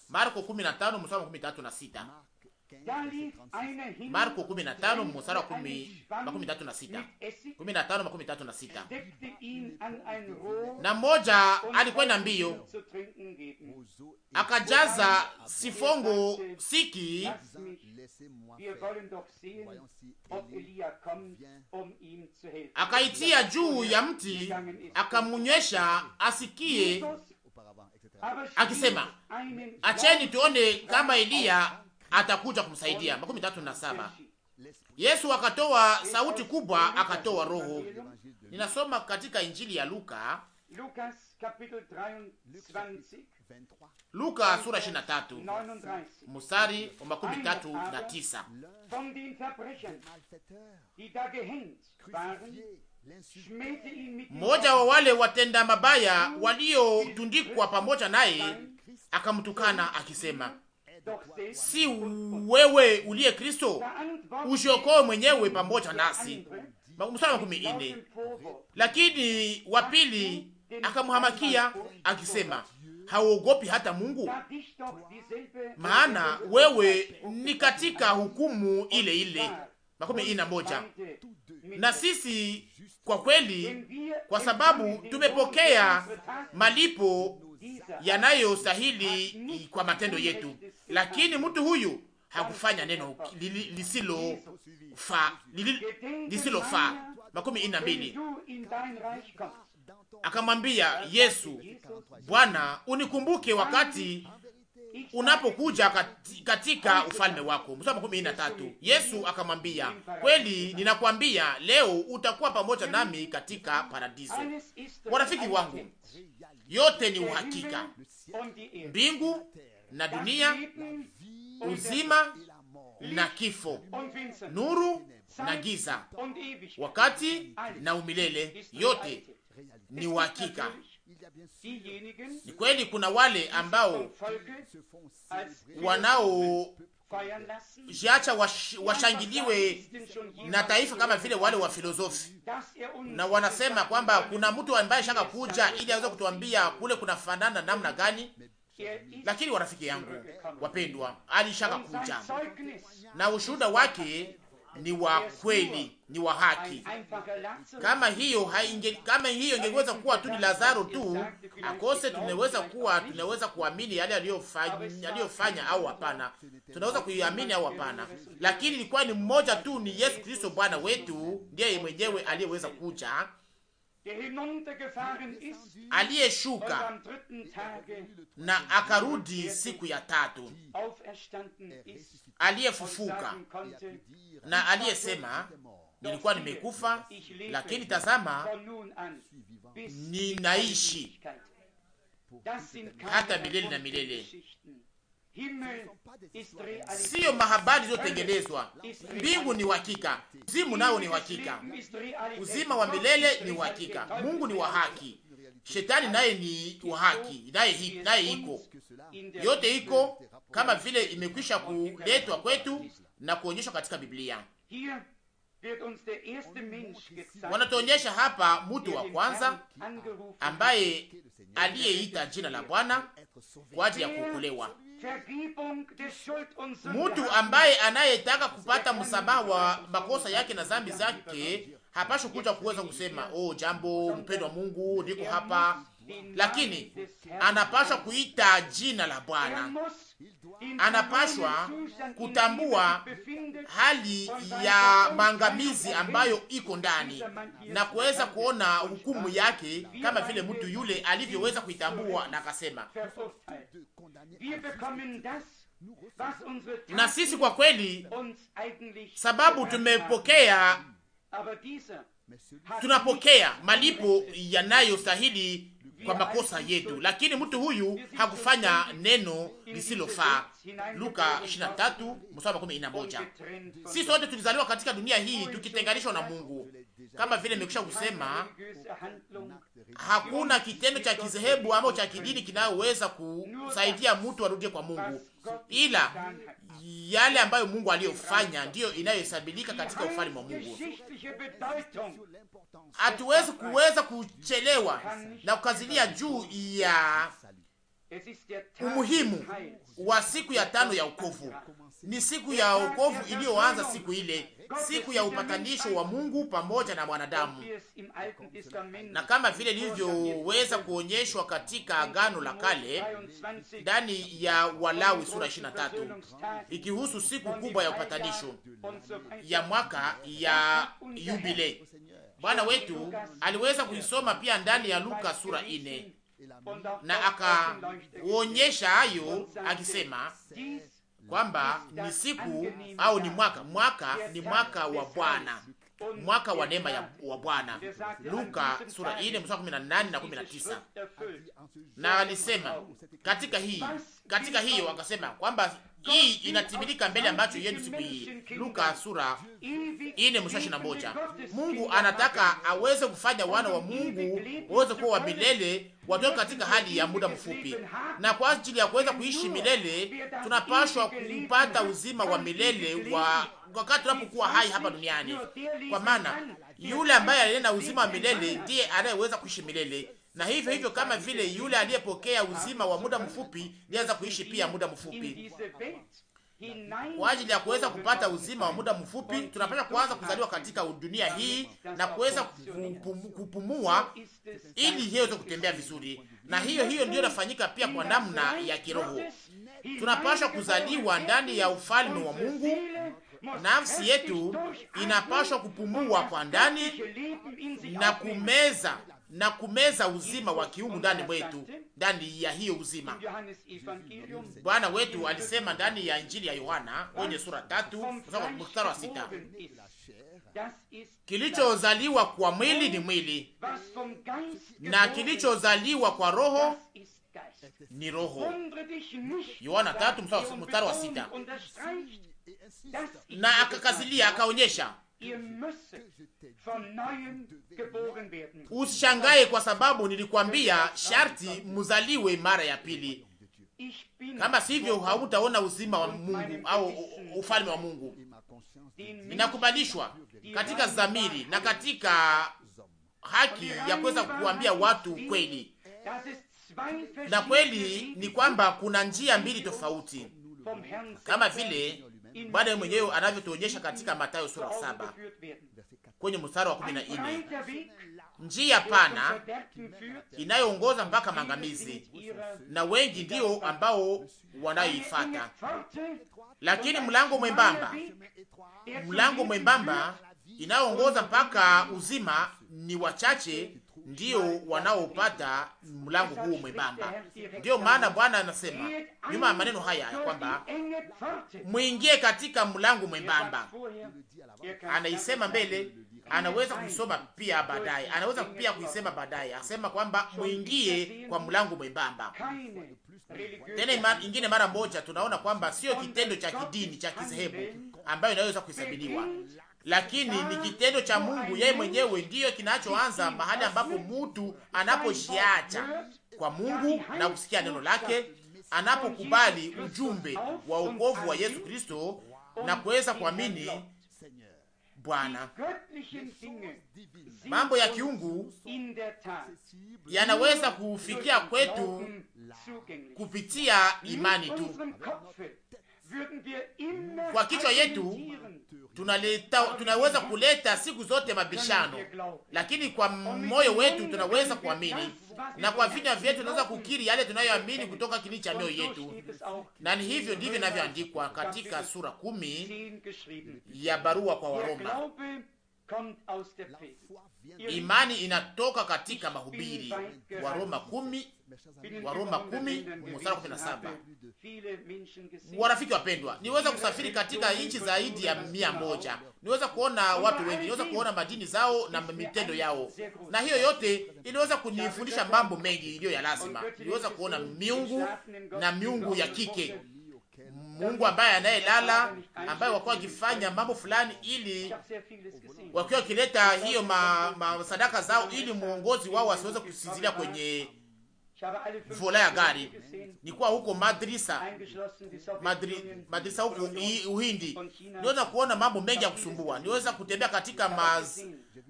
Marko 15 mstari wa 13 na 6. Marko 15 mstari wa 36. 15 36. Na mmoja alikwenda mbio akajaza sifongo siki akaitia juu ya mti akamunyesha asikie, akisema acheni tuone kama Eliya atakuja kumsaidia. makumi tatu na saba. Yesu akatoa sauti kubwa, akatoa roho. Ninasoma katika Injili ya Luka, Luka sura 23 mstari wa makumi tatu na tisa. Mmoja wa wale watenda mabaya waliotundikwa pamoja naye akamtukana akisema si wewe uliye Kristo ujiokoe mwenyewe pamoja nasi. Mstari makumi ine, lakini wa pili akamhamakia akisema, hauogopi hata Mungu, maana wewe ni katika hukumu ile ile. Makumi ine na moja. Na sisi kwa kweli, kwa sababu tumepokea malipo yanayostahili kwa matendo yetu, lakini mtu huyu hakufanya neno lisilofaa Makumi ina mbili akamwambia Yesu, Bwana, unikumbuke wakati unapokuja katika ufalme wako. Mstari makumi ina tatu Yesu akamwambia, kweli ninakwambia leo utakuwa pamoja nami katika paradiso. Warafiki wangu yote ni uhakika, mbingu na dunia, uzima na kifo, nuru na giza, wakati na umilele, yote ni uhakika. Ni kweli kuna wale ambao wanao jiacha washangiliwe washangiliwe na taifa kama vile wale wa filozofi na wanasema kwamba kuna mtu ambaye shaka kuja ili aweze kutuambia kule kunafanana namna gani. Lakini warafiki yangu wapendwa, alishaka kuja na ushuhuda wake ni wa kweli, ni wa haki. Kama hiyo hainge, kama hiyo ingeweza kuwa tu ni Lazaro tu akose, tunaweza kuwa tunaweza kuamini yale aliyofanya aliyofanya, au hapana, tunaweza kuiamini au hapana, lakini ilikuwa ni mmoja tu, ni Yesu Kristo Bwana wetu, ndiye mwenyewe aliyeweza kuja aliyeshuka na akarudi siku ya tatu, er aliyefufuka er na aliyesema, nilikuwa nimekufa, lakini tazama ninaishi hata milele na milele siyo mahabari zilizotengenezwa. Mbingu ni uhakika, uzimu nao ni uhakika, uzima wa milele ni uhakika. Mungu ni wa haki, shetani naye ni wahaki naye naye iko yote, iko kama vile imekwisha kuletwa kwetu na kuonyeshwa katika Biblia. Wanatuonyesha hapa mtu wa kwanza ambaye aliyeita jina la Bwana kwa ajili ya kuokolewa Mtu ambaye anayetaka kupata msamaha wa makosa yake na zambi zake hapashi kuja kuweza kusema oh, jambo mpendo wa Mungu, niko hapa, lakini anapashwa kuita jina la Bwana, er anapashwa kutambua hali ya maangamizi ambayo iko ndani na kuweza kuona hukumu yake, kama vile mtu yule alivyoweza kuitambua na akasema na sisi kwa kweli, sababu tumepokea tunapokea malipo yanayostahili kwa makosa yetu, lakini mtu huyu hakufanya neno lisilofaa. Luka 23 mstari wa 11. Sisi sote tulizaliwa katika dunia hii tukitenganishwa na Mungu, kama vile nimekwisha kusema. Hakuna kitendo cha kizehebu ama cha kidini kinayoweza kusaidia mtu arudie kwa Mungu, ila yale ambayo Mungu aliyofanya ndiyo inayohesabika katika ufalme wa Mungu hatuwezi kuweza kuchelewa na kukazilia juu ya umuhimu wa siku ya tano ya ukovu. Ni siku ya ukovu iliyoanza siku ile, siku ya upatanisho wa Mungu pamoja na mwanadamu, na kama vile lilivyoweza kuonyeshwa katika Agano la Kale ndani ya Walawi sura 23, ikihusu siku kubwa ya upatanisho ya mwaka ya yubile Bwana wetu aliweza kuisoma pia ndani ya Luka sura ine na akaonyesha hayo akisema kwamba ni siku au ni mwaka mwaka ni mwaka wa Bwana, mwaka wa neema ya wa Bwana. Luka sura ine mstari kumi na nane na kumi na tisa na alisema katika hii katika hiyo akasema kwamba hii inatimilika mbele ya macho yenu siku hii. Luka sura ine mstari na moja. Mungu anataka aweze kufanya wana wa Mungu waweze kuwa wa milele, watoke katika hali ya muda mfupi, na kwa ajili ya kuweza kuishi milele tunapashwa kupata uzima wa milele wa wakati tunapokuwa hai hapa duniani, kwa maana yule ambaye aliye na uzima wa milele ndiye anayeweza kuishi milele na hivyo hivyo kama vile yule aliyepokea uzima wa muda mfupi lianza kuishi pia muda mfupi. Kwa ajili ya kuweza kupata uzima wa muda mfupi, tunapaswa kuanza kuzaliwa katika dunia hii na kuweza kupumua ili iweze kutembea vizuri, na hiyo hiyo ndiyo inafanyika pia kwa namna ya kiroho. Tunapaswa kuzaliwa ndani ya ufalme wa Mungu. Nafsi yetu inapaswa kupumua kwa ndani na kumeza na kumeza uzima wa kiungu ndani mwetu, ndani ya hiyo uzima. Bwana wetu alisema ndani ya Injili ya Yohana kwenye sura tatu mstari wa sita kilichozaliwa kwa mwili ni mwili na kilichozaliwa kwa roho ni roho. Yohana tatu mstari wa sita. Na akakazilia akaonyesha Usishangae kwa sababu nilikwambia sharti muzaliwe mara ya pili, kama sivyo hautaona uzima wa Mungu au ufalme wa Mungu. Ninakubalishwa katika zamiri na katika haki ya kuweza kuambia watu kweli, na kweli ni kwamba kuna njia mbili tofauti, kama vile Bwana mwenyewe anavyotuonyesha katika Mathayo sura saba kwenye mstari wa kumi na nne njia pana inayoongoza mpaka mangamizi, na wengi ndio ambao wanayoifata. Lakini mlango mwembamba, mlango mwembamba inayoongoza mpaka uzima ni wachache ndiyo wanaopata mlango huu mwembamba. Ndiyo maana Bwana anasema nyuma ya maneno haya ya kwamba mwingie katika mlango mwembamba. Anaisema mbele, anaweza kuisoma pia baadaye, anaweza pia kuisema baadaye, asema kwamba mwingie kwa mlango mwembamba. Tena ingine mara moja tunaona kwamba sio kitendo cha kidini cha kizehebu ambayo inaweza kuhesabiliwa, lakini ni kitendo cha Mungu yeye mwenyewe ndiyo kinachoanza mahali ambapo mtu anaposhiacha kwa Mungu na kusikia neno lake, anapokubali ujumbe wa wokovu wa Yesu Kristo na kuweza kuamini Bwana. Mambo ya kiungu yanaweza kufikia kwetu kupitia imani tu kwa kichwa yetu tunaleta, tunaweza kuleta siku zote mabishano, lakini kwa moyo wetu tunaweza kuamini, na kwa vinywa vyetu tunaweza kukiri yale tunayoamini kutoka kini cha mioyo yetu, na ni hivyo ndivyo inavyoandikwa katika sura kumi ya barua kwa Waroma. Imani inatoka katika mahubiri. Waroma kumi Waroma kumi mstari kumi na saba. Warafiki wapendwa, niweza kusafiri katika nchi zaidi ya mia moja, niweza kuona watu wengi, niweza kuona madini zao na mitendo yao, na hiyo yote iliweza kunifundisha mambo mengi iliyo ya lazima. Niweza kuona miungu na miungu ya kike Mungu ambaye anayelala ambaye wakuwa wakifanya mambo fulani, ili wakiwa wakileta hiyo ma, ma zao, ili mwongozi wao wasiweze kusinzilia kwenye vola ya gari. kuwa huko Madrisa, Madri, Madrisa huko Uhindi, niweza kuona mambo mengi ya kusumbua. Niweza kutembea katika maz,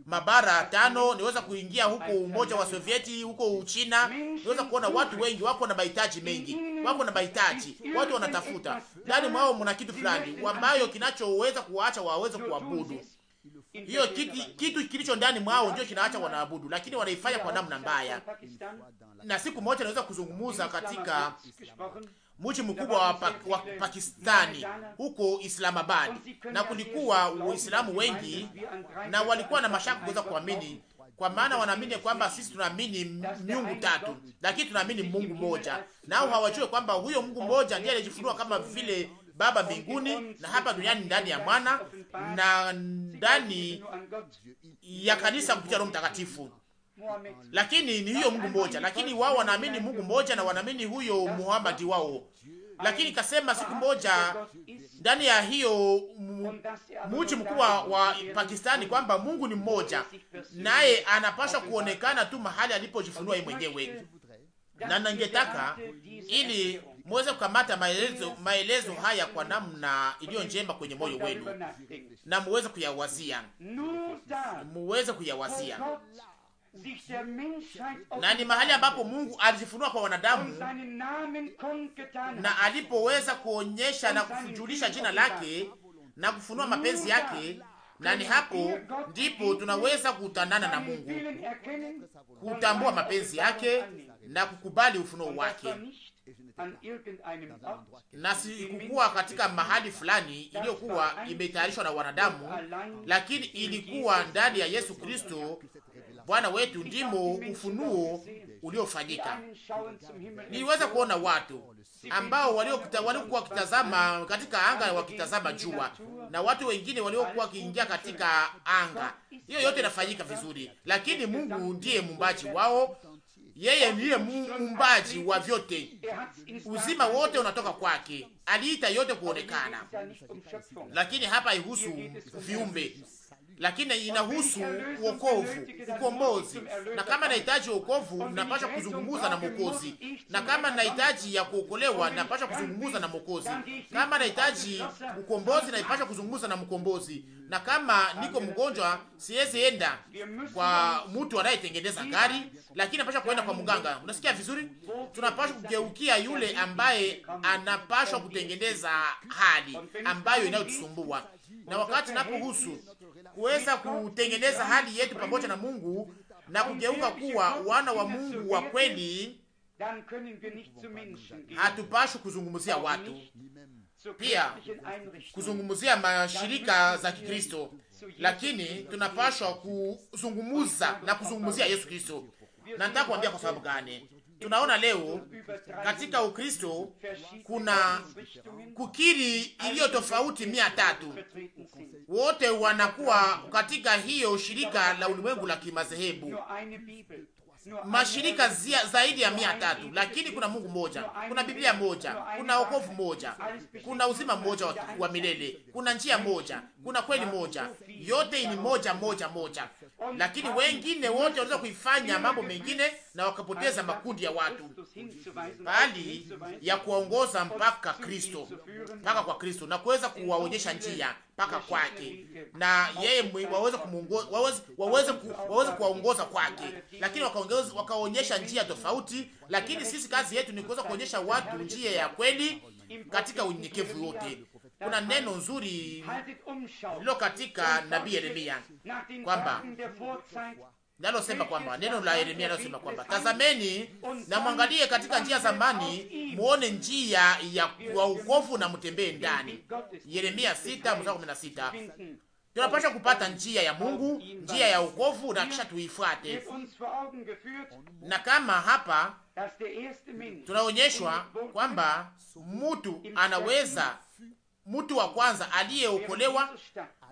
mabara tano, niweza kuingia huko umoja wa Sovieti, huko Uchina. Niweza kuona watu wengi wako na mahitaji mengi, wako na mahitaji, watu wanatafuta ndani mwao, muna kitu fulani ambayo kinachoweza kuwaacha waweze kuabudu hiyo kitu, kitu kilicho ndani mwao ndio kinaacha wanaabudu, lakini wanaifanya kwa namna mbaya. Na siku moja naweza kuzungumuza katika mji mkubwa wa pa, wa Pakistani huko Islamabad, na kulikuwa uislamu wengi na walikuwa na mashaka kuweza kuamini kwa maana wanaamini kwamba sisi tunaamini miungu tatu, lakini tunaamini Mungu mmoja, nao hawajue kwamba huyo Mungu mmoja ndiye alijifunua kama vile Baba mbinguni na hapa duniani ndani ya mwana, na ndani ya kanisa kupitia Roho Mtakatifu, lakini ni hiyo Mungu mmoja. Lakini wao wanaamini Mungu mmoja na wanaamini huyo Muhammad wao, lakini kasema siku moja ndani ya hiyo mji mkubwa wa Pakistani kwamba Mungu ni mmoja, naye anapaswa kuonekana tu mahali alipojifunua yeye mwenyewe na nangetaka ili muweze kukamata maelezo, maelezo haya kwa namna iliyo njema kwenye moyo wenu na muweze kuyawazia, muweze kuyawazia na ni mahali ambapo Mungu alijifunua kwa wanadamu na alipoweza kuonyesha na kujulisha jina lake na kufunua mapenzi yake, na ni hapo ndipo tunaweza kutanana na Mungu, kutambua mapenzi yake na kukubali ufunuo wake na sikukuwa katika mahali fulani iliyokuwa imetayarishwa na wanadamu, lakini ilikuwa ndani ya Yesu Kristo Bwana wetu, ndimo ufunuo uliofanyika. Niliweza kuona watu ambao waliokuwa wakitazama katika anga wakitazama jua na watu wengine waliokuwa wakiingia katika anga. Hiyo yote inafanyika vizuri, lakini Mungu ndiye mumbaji wao yeye ndiye muumbaji wa vyote, uzima wote unatoka kwake. Aliita yote kuonekana, lakini hapa ihusu viumbe lakini inahusu uokovu, ukombozi. Na kama nahitaji uokovu, napasha kuzungumza na Mwokozi, na kama nahitaji ya kuokolewa, napasha kuzungumza na Mwokozi. Kama nahitaji ukombozi, naipasha kuzungumza na Mkombozi. Na kama niko mgonjwa, siwezi enda kwa mtu anayetengeneza gari, lakini napasha kuenda kwa mganga. Unasikia vizuri? Tunapaswa kugeukia yule ambaye anapashwa kutengeneza hali ambayo inayotusumbua na wakati napohusu kuweza kutengeneza hali yetu pamoja na Mungu na kugeuka kuwa wana wa Mungu wa kweli, hatupashi kuzungumzia watu pia kuzungumzia mashirika za Kikristo, lakini tunapashwa kuzungumuza na kuzungumzia Yesu Kristo. na Nataka kuambia kwa sababu gani? tunaona leo katika Ukristo kuna kukiri iliyo tofauti mia tatu, wote wanakuwa katika hiyo shirika la ulimwengu la kimadhehebu, mashirika zia, zaidi ya mia tatu, lakini kuna Mungu mmoja, kuna Biblia moja, kuna wokovu moja, kuna uzima mmoja wa milele, kuna njia moja, kuna kweli moja, yote ni moja moja moja, lakini wengine wote wanaweza kuifanya mambo mengine na wakapoteza makundi ya watu, bali ya kuwaongoza mpaka Kristo, mpaka kwa Kristo na kuweza kuwaonyesha njia mpaka kwake, na yeye waweze kumuongoza, waweze waweze kuwaongoza kwake, lakini wakaonyesha njia tofauti. Lakini sisi kazi yetu ni kuweza kuonyesha watu njia ya kweli katika unyenyekevu wote kuna neno nzuri lilo katika nabii Yeremia kwamba nalosema kwamba neno la Yeremia nalosema kwamba tazameni na mwangalie katika njia zamani, muone njia ya ukofu na mtembee ndani. Yeremia 6 mstari 16. kupata njia ya Mungu, njia ya ukofu, na kisha tuifuate. Na kama hapa tunaonyeshwa kwamba mtu anaweza mtu wa kwanza aliyeokolewa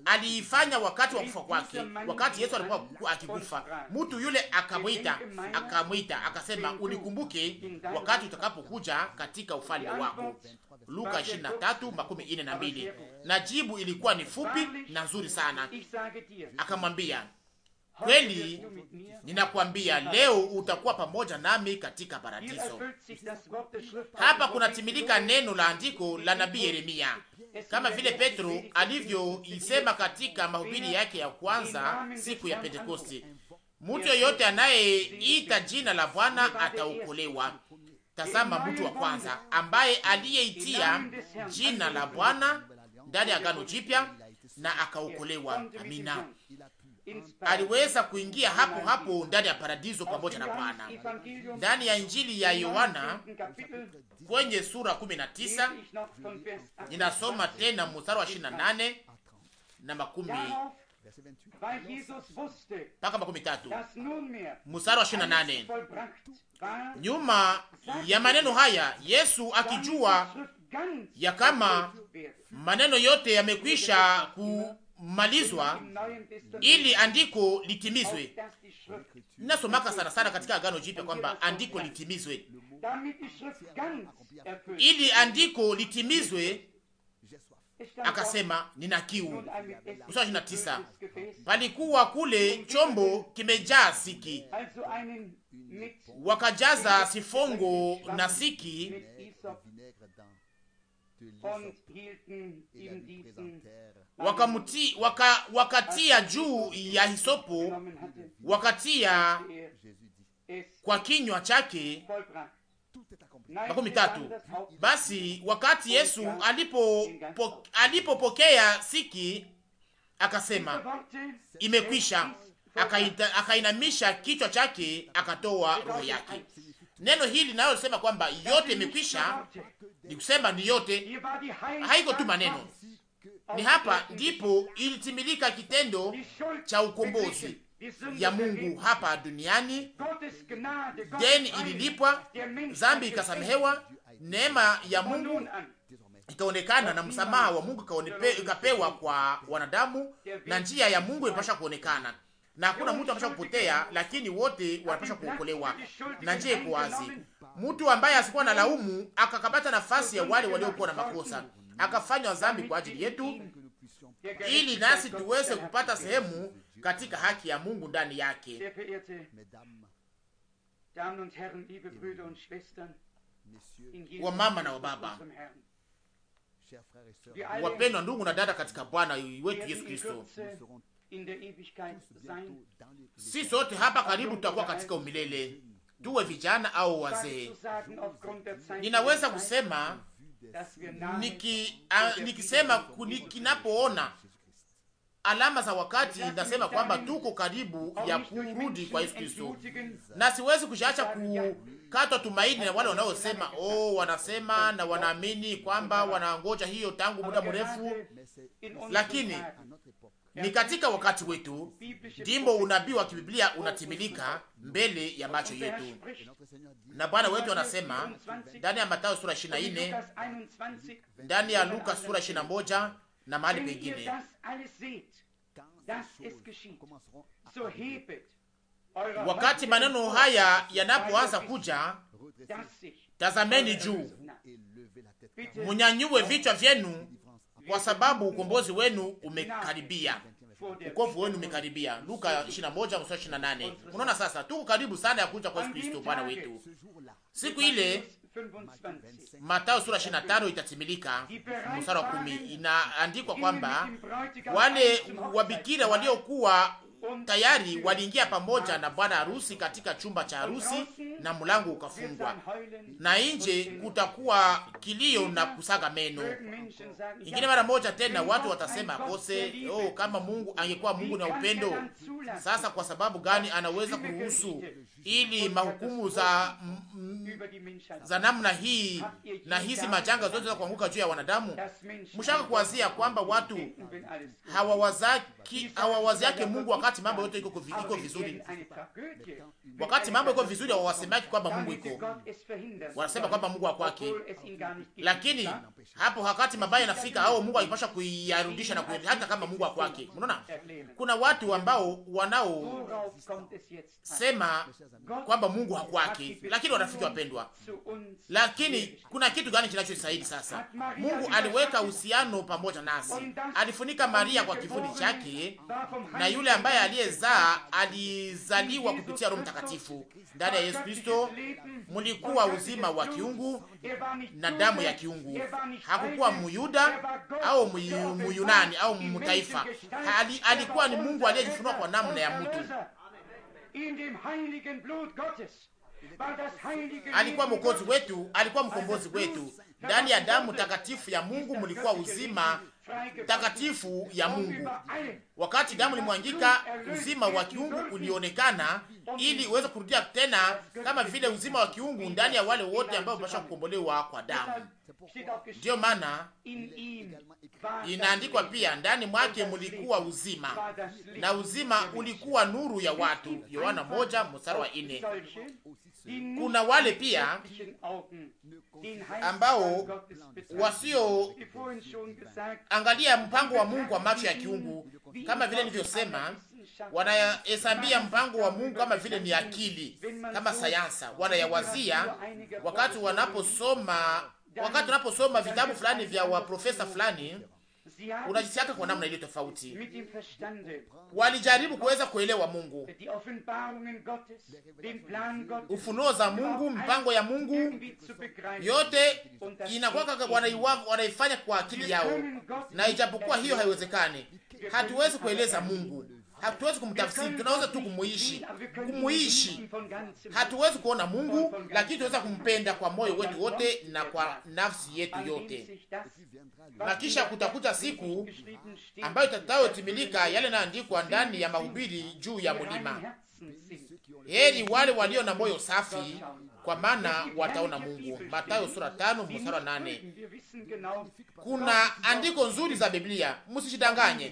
aliifanya wakati wa kufa kwake, wakati Yesu alikuwa akikufa, mtu yule akamwita, akamwita akasema, unikumbuke wakati utakapokuja katika ufalme wako. Luka 23:42. Na jibu ilikuwa ni fupi na nzuri sana, akamwambia kweli, ninakwambia leo utakuwa pamoja nami katika paradiso. Hapa kunatimilika neno la andiko la nabii Yeremia kama vile Petro alivyoisema katika mahubiri yake ya kwanza siku ya Pentekoste, mtu yoyote anayeita jina la Bwana ataokolewa. Tazama mtu wa kwanza ambaye aliyeitia jina la Bwana ndani ya Agano Jipya na akaokolewa. Amina aliweza kuingia hapo hapo ndani ya paradiso pamoja na Bwana. Ndani ya Injili ya Yohana kwenye sura 19 ninasoma tena mstari wa 28 na makumi mpaka makumi tatu mstari wa 28. Nyuma ya maneno haya Yesu akijua ya kama maneno yote yamekwisha ku kumalizwa ili andiko litimizwe. Ninasomaka sana sana katika Agano Jipya kwamba andiko litimizwe, ili andiko litimizwe. Akasema nina kiu. Mstari na tisa, palikuwa kule chombo kimejaa siki, wakajaza sifongo na siki wakamuti, waka, wakatia juu ya hisopo, wakatia kwa kinywa chake. Makumi tatu. Basi wakati Yesu alipopokea alipo siki akasema imekwisha, akainamisha kichwa chake akatoa roho yake. Neno hili linalosema kwamba yote imekwisha, ni kusema ni yote, haiko tu maneno ni hapa ndipo ilitimilika kitendo cha ukombozi ya Mungu hapa duniani. Deni ililipwa, dhambi ikasamehewa, neema ya Mungu ikaonekana na msamaha wa Mungu ikapewa kwa wanadamu, na njia ya Mungu inapasha kuonekana na hakuna mtu anapasha kupotea, lakini wote wanapasha kuokolewa, na njia iko wazi. Mtu ambaye asikuwa na laumu akakabata nafasi ya wale waliokuwa na makosa akafanywa dhambi kwa ajili yetu, ili nasi tuweze kupata sehemu katika haki ya Mungu ndani yake. Wa mama na wa wapendwa ndugu na dada katika Bwana wetu Yesu Kristo, si sote hapa karibu tutakuwa katika umilele, tuwe vijana au wazee. Ninaweza kusema niki a, nikisema kinapoona alama za wakati, nasema kwamba tuko karibu ya kurudi kwa Yesu Kristo, na siwezi kushaacha kukatwa tumaini na wale wanaosema oh, wanasema na wanaamini kwamba wanangoja hiyo tangu muda mrefu, lakini ni katika wakati wetu ndimo unabii wa kibiblia unatimilika mbele ya macho yetu, na Bwana wetu anasema ndani ya Mathayo sura 24 ndani ya Luka sura 21 na mahali pengine wakati maneno haya yanapoanza kuja, tazameni juu, munyanyue vichwa vyenu kwa sababu ukombozi wenu umekaribia, ukovu wenu umekaribia. Luka 21 mstari 28. Unaona sasa, tuko karibu sana ya kuja kwa Yesu Kristo Bwana wetu. Siku ile Mathayo sura 25 itatimilika mstari wa 10, inaandikwa kwamba wale wabikira waliokuwa tayari waliingia pamoja na bwana harusi katika chumba cha harusi, na mlango ukafungwa, na nje kutakuwa kilio na kusaga meno. Ingine mara moja tena watu watasema kose oh, kama Mungu angekuwa Mungu na upendo. Sasa kwa sababu gani anaweza kuruhusu ili mahukumu za za namna hii na hizi majanga zote za kuanguka juu ya wanadamu? Mshaka kuwazia kwamba watu hawawazaki hawawaziake Mungu wakati wakati mambo yote iko iko vizuri, wakati mambo iko vizuri, wawasemaki kwamba Mungu iko, wanasema kwamba Mungu kwake. Lakini hapo wakati mabaya yanafika, au Mungu alipasha kuiarudisha na kuirudisha, hata kama Mungu kwake. Unaona, kuna watu ambao wanao sema kwamba Mungu hakwake, lakini wanafiki wapendwa, lakini kuna kitu gani kinachosaidi sasa? Mungu aliweka uhusiano pamoja nasi, alifunika Maria kwa kifundi chake na yule ambaye ambaye aliyezaa alizaliwa kupitia Roho Mtakatifu. Ndani ya Yesu Kristo mulikuwa uzima wa kiungu na damu ya kiungu. Hakukuwa Muyuda au Muyunani au mtaifa, alikuwa ni Mungu aliyejifunua kwa namna ya mtu alikuwa mwokozi wetu, alikuwa mkombozi wetu. Ndani ya damu takatifu ya Mungu mulikuwa uzima takatifu ya Mungu. Wakati damu limwangika, uzima wa kiungu ulionekana, ili uweze kurudia tena kama vile uzima wa kiungu ndani ya wale wote ambao wamepasha kukombolewa kwa damu. Ndiyo maana inaandikwa pia, ndani mwake mulikuwa uzima na uzima ulikuwa nuru ya watu, Yohana moja mstari wa nne. Kuna wale pia ambao wasio angalia mpango wa Mungu wa macho ya kiungu, kama vile nilivyosema, wanayahesabia mpango wa Mungu kama vile ni akili, kama sayansa, wanayawazia wakati wanaposoma, wakati wanaposoma vitabu fulani vya waprofesa fulani unajisiaka kwa namna iliyo tofauti. Walijaribu kuweza kuelewa Mungu, ufunuo za Mungu, mpango ya Mungu, yote inakuwa wanaifanya kwa akili yao, na ijapokuwa hiyo haiwezekani, hatuwezi kueleza Mungu hatuwezi kumtafsiri, tunaweza tu kumuishi, kumuishi. Hatuwezi kuona Mungu, lakini tunaweza kumpenda kwa moyo wetu wote na kwa nafsi yetu yote, na kisha kutakuja siku ambayo timilika yale naandikwa ndani ya mahubiri juu ya mulima, heri wale walio na moyo safi, kwa maana wataona Mungu. Mathayo sura tano mstari wa nane. Kuna andiko nzuri za Biblia, msishidanganye.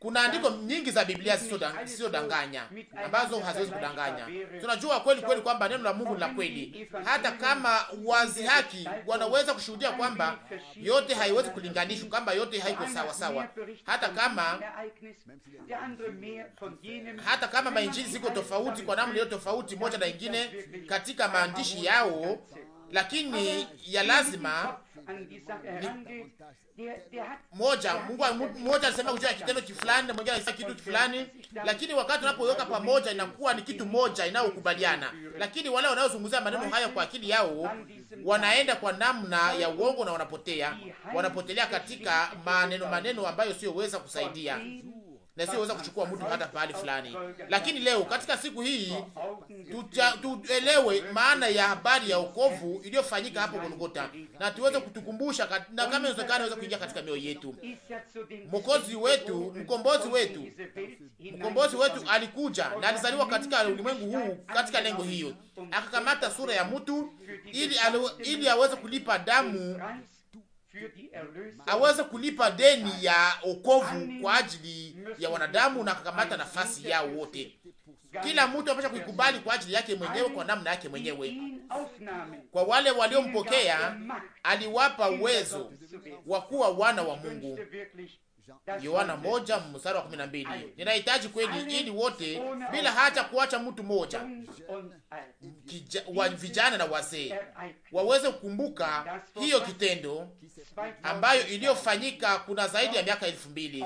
Kuna andiko nyingi za Biblia zisizodanganya ambazo haziwezi kudanganya. Tunajua kweli kweli kwamba neno la Mungu ni la kweli, hata kama wazi haki wanaweza kushuhudia kwamba yote haiwezi kulinganishwa, kwamba yote haiko sawa sawa, hata kama hata kama mainjili ziko tofauti kwa namna hiyo tofauti moja na ingine katika maandishi yao lakini ya lazima uh, moja Mungu mmoja anasema kuja kitendo kifulani, mwingine anasema kitu kifulani, lakini wakati unapoweka pamoja inakuwa ni kitu moja inayokubaliana. Lakini wale wanaozungumzia maneno haya kwa akili yao wanaenda kwa namna ya uongo na wanapotea, wanapotelea katika maneno maneno ambayo siyoweza kusaidia na siweza kuchukua muda hata pahali fulani. Lakini leo katika siku hii tuelewe maana ya habari ya wokovu iliyofanyika hapo Golgotha, na tuweze kutukumbusha kat, na kama inawezekana aweze kuingia katika mioyo yetu. Mwokozi wetu, mkombozi wetu, mkombozi wetu alikuja na alizaliwa katika ulimwengu huu katika lengo hiyo, akakamata sura ya mtu ili, ili aweze kulipa damu aweze kulipa deni ya okovu kwa ajili ya wanadamu na kukamata nafasi yao wote. Kila mtu apasha kuikubali kwa ajili yake mwenyewe, kwa namna yake mwenyewe. Kwa wale waliompokea, aliwapa uwezo wa kuwa wana wa Mungu. Yohana moja mstari wa kumi na mbili. Ninahitaji kweli ili wote bila hata kuacha mtu mmoja wa vijana na wazee eh, waweze kukumbuka hiyo kitendo ambayo iliyofanyika kuna zaidi ya miaka elfu mbili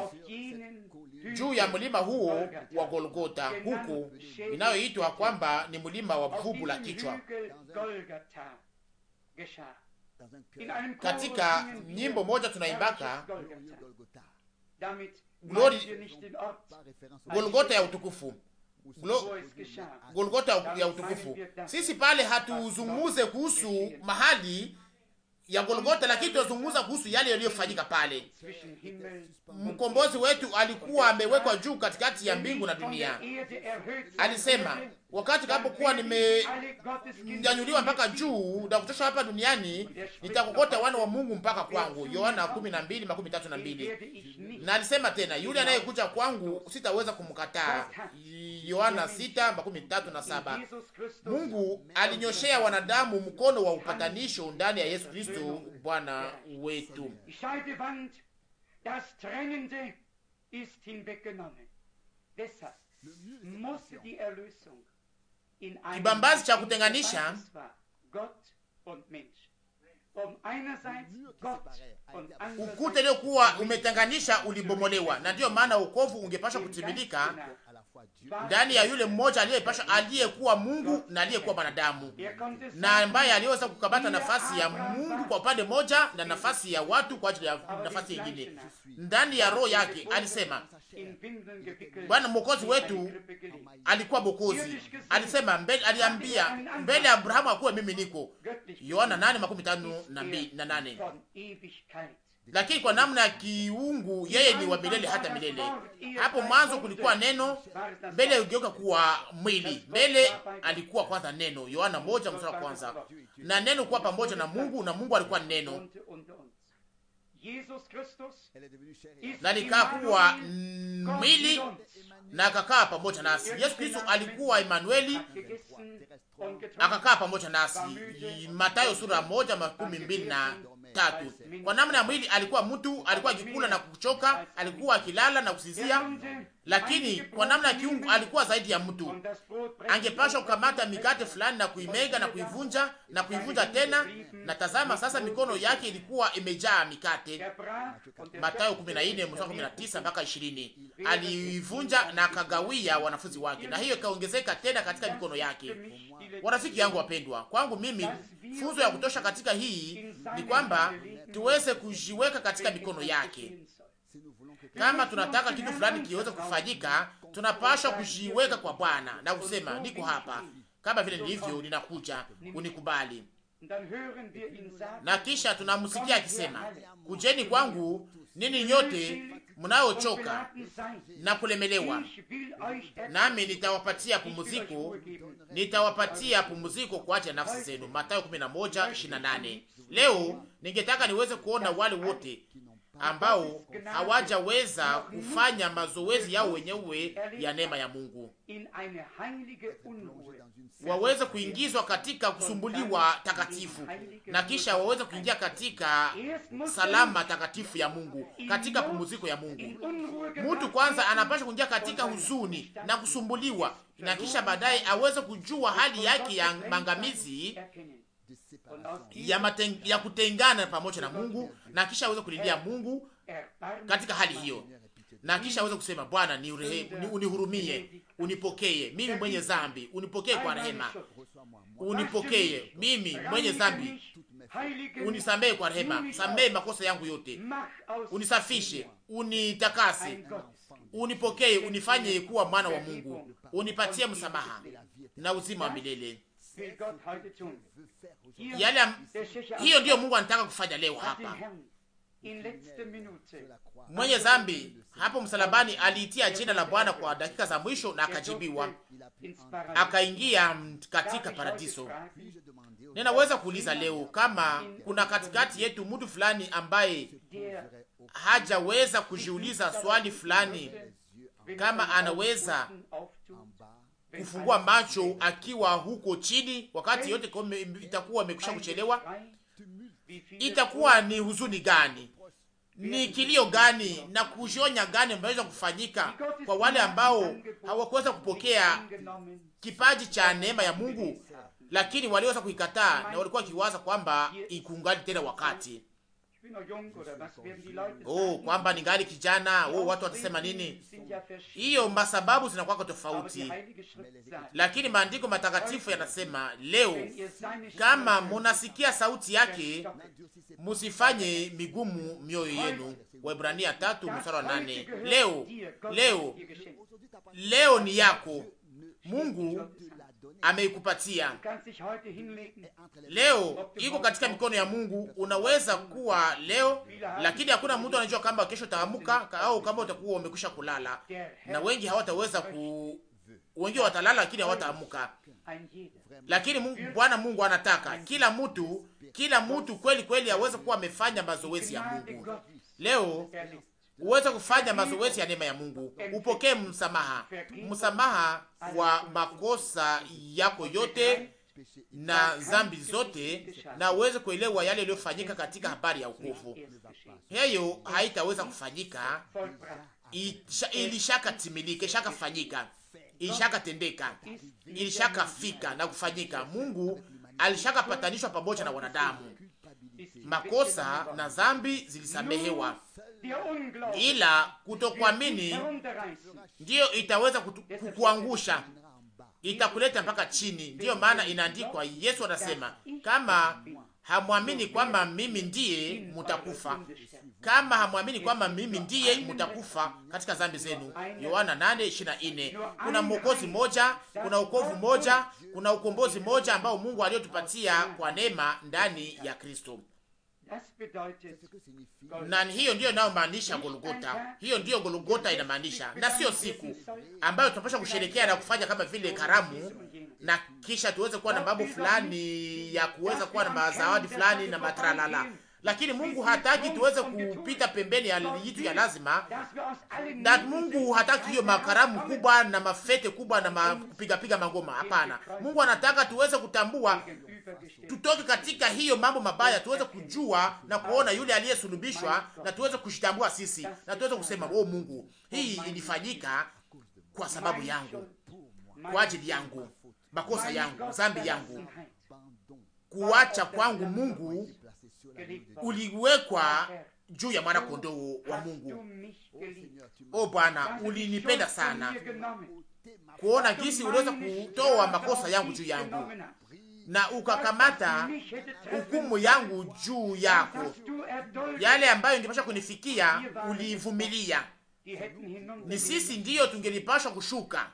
juu ya mlima huo wa Golgota huku inayoitwa kwamba ni mlima wa vubu la kichwa. Katika nyimbo moja tunaimbaka Glori, Golgota ya utukufu Golgota ya utukufu. Sisi pale hatuzungumuze kuhusu mahali ya Golgota, lakini tunazungumza kuhusu yale yaliyofanyika pale. Mkombozi wetu alikuwa amewekwa juu katikati ya mbingu na dunia, alisema wakati kapokuwa nimenyanyuliwa mpaka juu na kutosha hapa duniani, nitakokota wana wa Mungu mpaka kwangu. Yohana 12:32. Na alisema tena, yule anayekuja kwangu sitaweza kumkataa. Yohana 6:37. Mungu alinyoshea wanadamu mkono wa upatanisho ndani ya Yesu Kristo Bwana wetu. Deshalb musste die Erlösung kibambazi cha kutenganisha ukuta iliyokuwa umetenganisha ulibomolewa, na ndiyo maana wokovu ungepasha kutimilika ndani ya yule mmoja aliyepasha, aliyekuwa Mungu na aliyekuwa mwanadamu, na ambaye aliweza kukabata nafasi ya Mungu kwa upande moja na nafasi ya watu kwa ajili ya nafasi nyingine. Ndani ya roho yake alisema Bwana mwokozi wetu alikuwa mwokozi, alisema mbele, aliambia mbele Abrahamu akuwe mimi niko, Yohana 8:58. Lakini kwa namna ya kiungu yeye ni wa milele hata milele. Hapo mwanzo kulikuwa neno, mbele ugeuka kuwa mwili, mbele alikuwa kwanza neno, Yohana moja mstari wa kwanza, na neno kuwa pamoja na Mungu na Mungu alikuwa neno na likakuwa mwili na akakaa pamoja nasi. Yesu Kristo alikuwa Emanueli, akakaa pamoja nasi. Matayo sura moja makumi mbili na tatu. Kwa namna ya mwili alikuwa mtu, alikuwa akikula na kuchoka, alikuwa akilala na kusinzia, lakini kwa namna ya kiungu alikuwa zaidi ya mtu. Angepashwa kukamata mikate fulani na kuimega na kuivunja na kuivunja tena, na tazama sasa mikono yake ilikuwa imejaa mikate. Mathayo 14 mstari 19 mpaka 20. Aliivunja na akagawia wanafunzi wake, na hiyo ikaongezeka tena katika mikono yake. Warafiki yangu wapendwa, kwangu mimi funzo ya kutosha katika hii ni kwamba tuweze kujiweka katika mikono yake. Kama tunataka kitu fulani kiweze kufanyika, tunapaswa kujiweka kwa Bwana na kusema niko hapa, kama vile nilivyo, ninakuja, unikubali. Na kisha tunamsikia akisema, kujeni kwangu nini nyote mnaochoka na kulemelewa, nami nitawapatia pumziko, nitawapatia pumziko kwa ajili ya nafsi zenu. Mathayo 11:28. Leo ningetaka niweze kuona wale wote ambao hawajaweza kufanya mazoezi yao wenyewe ya neema ya Mungu, waweze kuingizwa katika kusumbuliwa takatifu na kisha waweze kuingia katika salama takatifu ya Mungu, katika pumuziko ya Mungu. Mtu kwanza anapaswa kuingia katika huzuni na kusumbuliwa, na kisha baadaye aweze kujua hali yake ya mangamizi ya, maten, ya kutengana pamoja na Mungu na kisha aweze kulindia Mungu katika hali hiyo, na kisha aweze kusema Bwana ni unihurumie, unipokee mimi mwenye zambi, unipokee kwa rehema, unipokee mimi mwenye zambi, unisamee kwa rehema, samee makosa yangu yote, unisafishe, unitakase, unipokee, unifanye kuwa mwana wa Mungu, unipatie msamaha na uzima wa milele. Yale, hiyo ndiyo Mungu anataka kufanya leo hapa. Mwenye zambi hapo msalabani aliitia jina la Bwana kwa dakika za mwisho na akajibiwa, akaingia katika paradiso. Ninaweza kuuliza leo kama kuna katikati yetu mtu fulani ambaye hajaweza kujiuliza swali fulani, kama anaweza kufungua macho akiwa huko chini, wakati yote itakuwa imekwisha kuchelewa, itakuwa ni huzuni gani, ni kilio gani na kujionya gani ameweza kufanyika kwa wale ambao hawakuweza kupokea kipaji cha neema ya Mungu, lakini waliweza kuikataa na walikuwa wakiwaza kwamba ikungali tena wakati oh, kwamba ningali kijana oh, watu watasema nini? Hiyo masababu zinakuwa tofauti, lakini maandiko matakatifu yanasema leo, kama munasikia sauti yake musifanye migumu mioyo yenu. Waebrania tatu mstari wa nane. Leo leo leo ni yako Mungu ameikupatia leo, iko katika mikono ya Mungu. Unaweza kuwa leo, lakini hakuna mtu anajua kama kesho utaamuka au kama utakuwa umekwisha kulala, na wengi hawataweza ku wengi watalala, lakini hawataamuka. Lakini Mungu, Bwana Mungu anataka kila mtu, kila mtu kweli kweli aweze kuwa amefanya mazoezi ya Mungu leo uweze kufanya mazoezi ya neema ya Mungu, upokee msamaha, msamaha wa makosa yako yote na zambi zote, na uweze kuelewa yale yaliyofanyika katika habari ya ukovu. Heyo haitaweza kufanyika, ilishakatimilika, ishakafanyika, ilishakatendeka, ilishakafika na kufanyika. Mungu alishakapatanishwa pamoja na wanadamu, makosa na zambi zilisamehewa ila kutokuamini ndiyo itaweza kukuangusha, itakuleta mpaka chini. Ndiyo maana inaandikwa, Yesu anasema kama hamwamini kwamba mimi ndiye, mutakufa. Kama hamwamini kwamba mimi ndiye, mutakufa katika zambi zenu. Yohana 8:24. Kuna mwokozi moja, kuna ukovu moja, kuna ukombozi moja ambao Mungu aliyotupatia kwa neema ndani ya Kristo na hiyo ndiyo inayomaanisha Golgota. Hiyo ndiyo Golgota inamaanisha, na sio siku ambayo tunapaswa kusherekea na kufanya kama vile karamu, na kisha tuweze kuwa na mambo fulani ya kuweza kuwa na mazawadi fulani na matralala lakini Mungu hataki tuweze kupita pembeni ya yitu ya lazima, na Mungu hataki hiyo makaramu kubwa na mafete kubwa na makupigapiga magoma. Hapana, Mungu anataka tuweze kutambua, tutoke katika hiyo mambo mabaya, tuweze kujua na kuona yule aliyesulubishwa, na tuweze kushitambua sisi, na tuweze kusema oh, Mungu, hii ilifanyika kwa sababu yangu, kwa ajili yangu, makosa yangu, dhambi yangu, kuacha kwangu Mungu uliwekwa juu ya mwana kondoo wa Mungu. O Bwana, ulinipenda sana kuona jinsi uliweza kutoa makosa yangu juu yangu na ukakamata hukumu yangu juu yako. Yale ambayo ingepasha kunifikia uliivumilia. Ni sisi ndiyo tungelipashwa kushuka,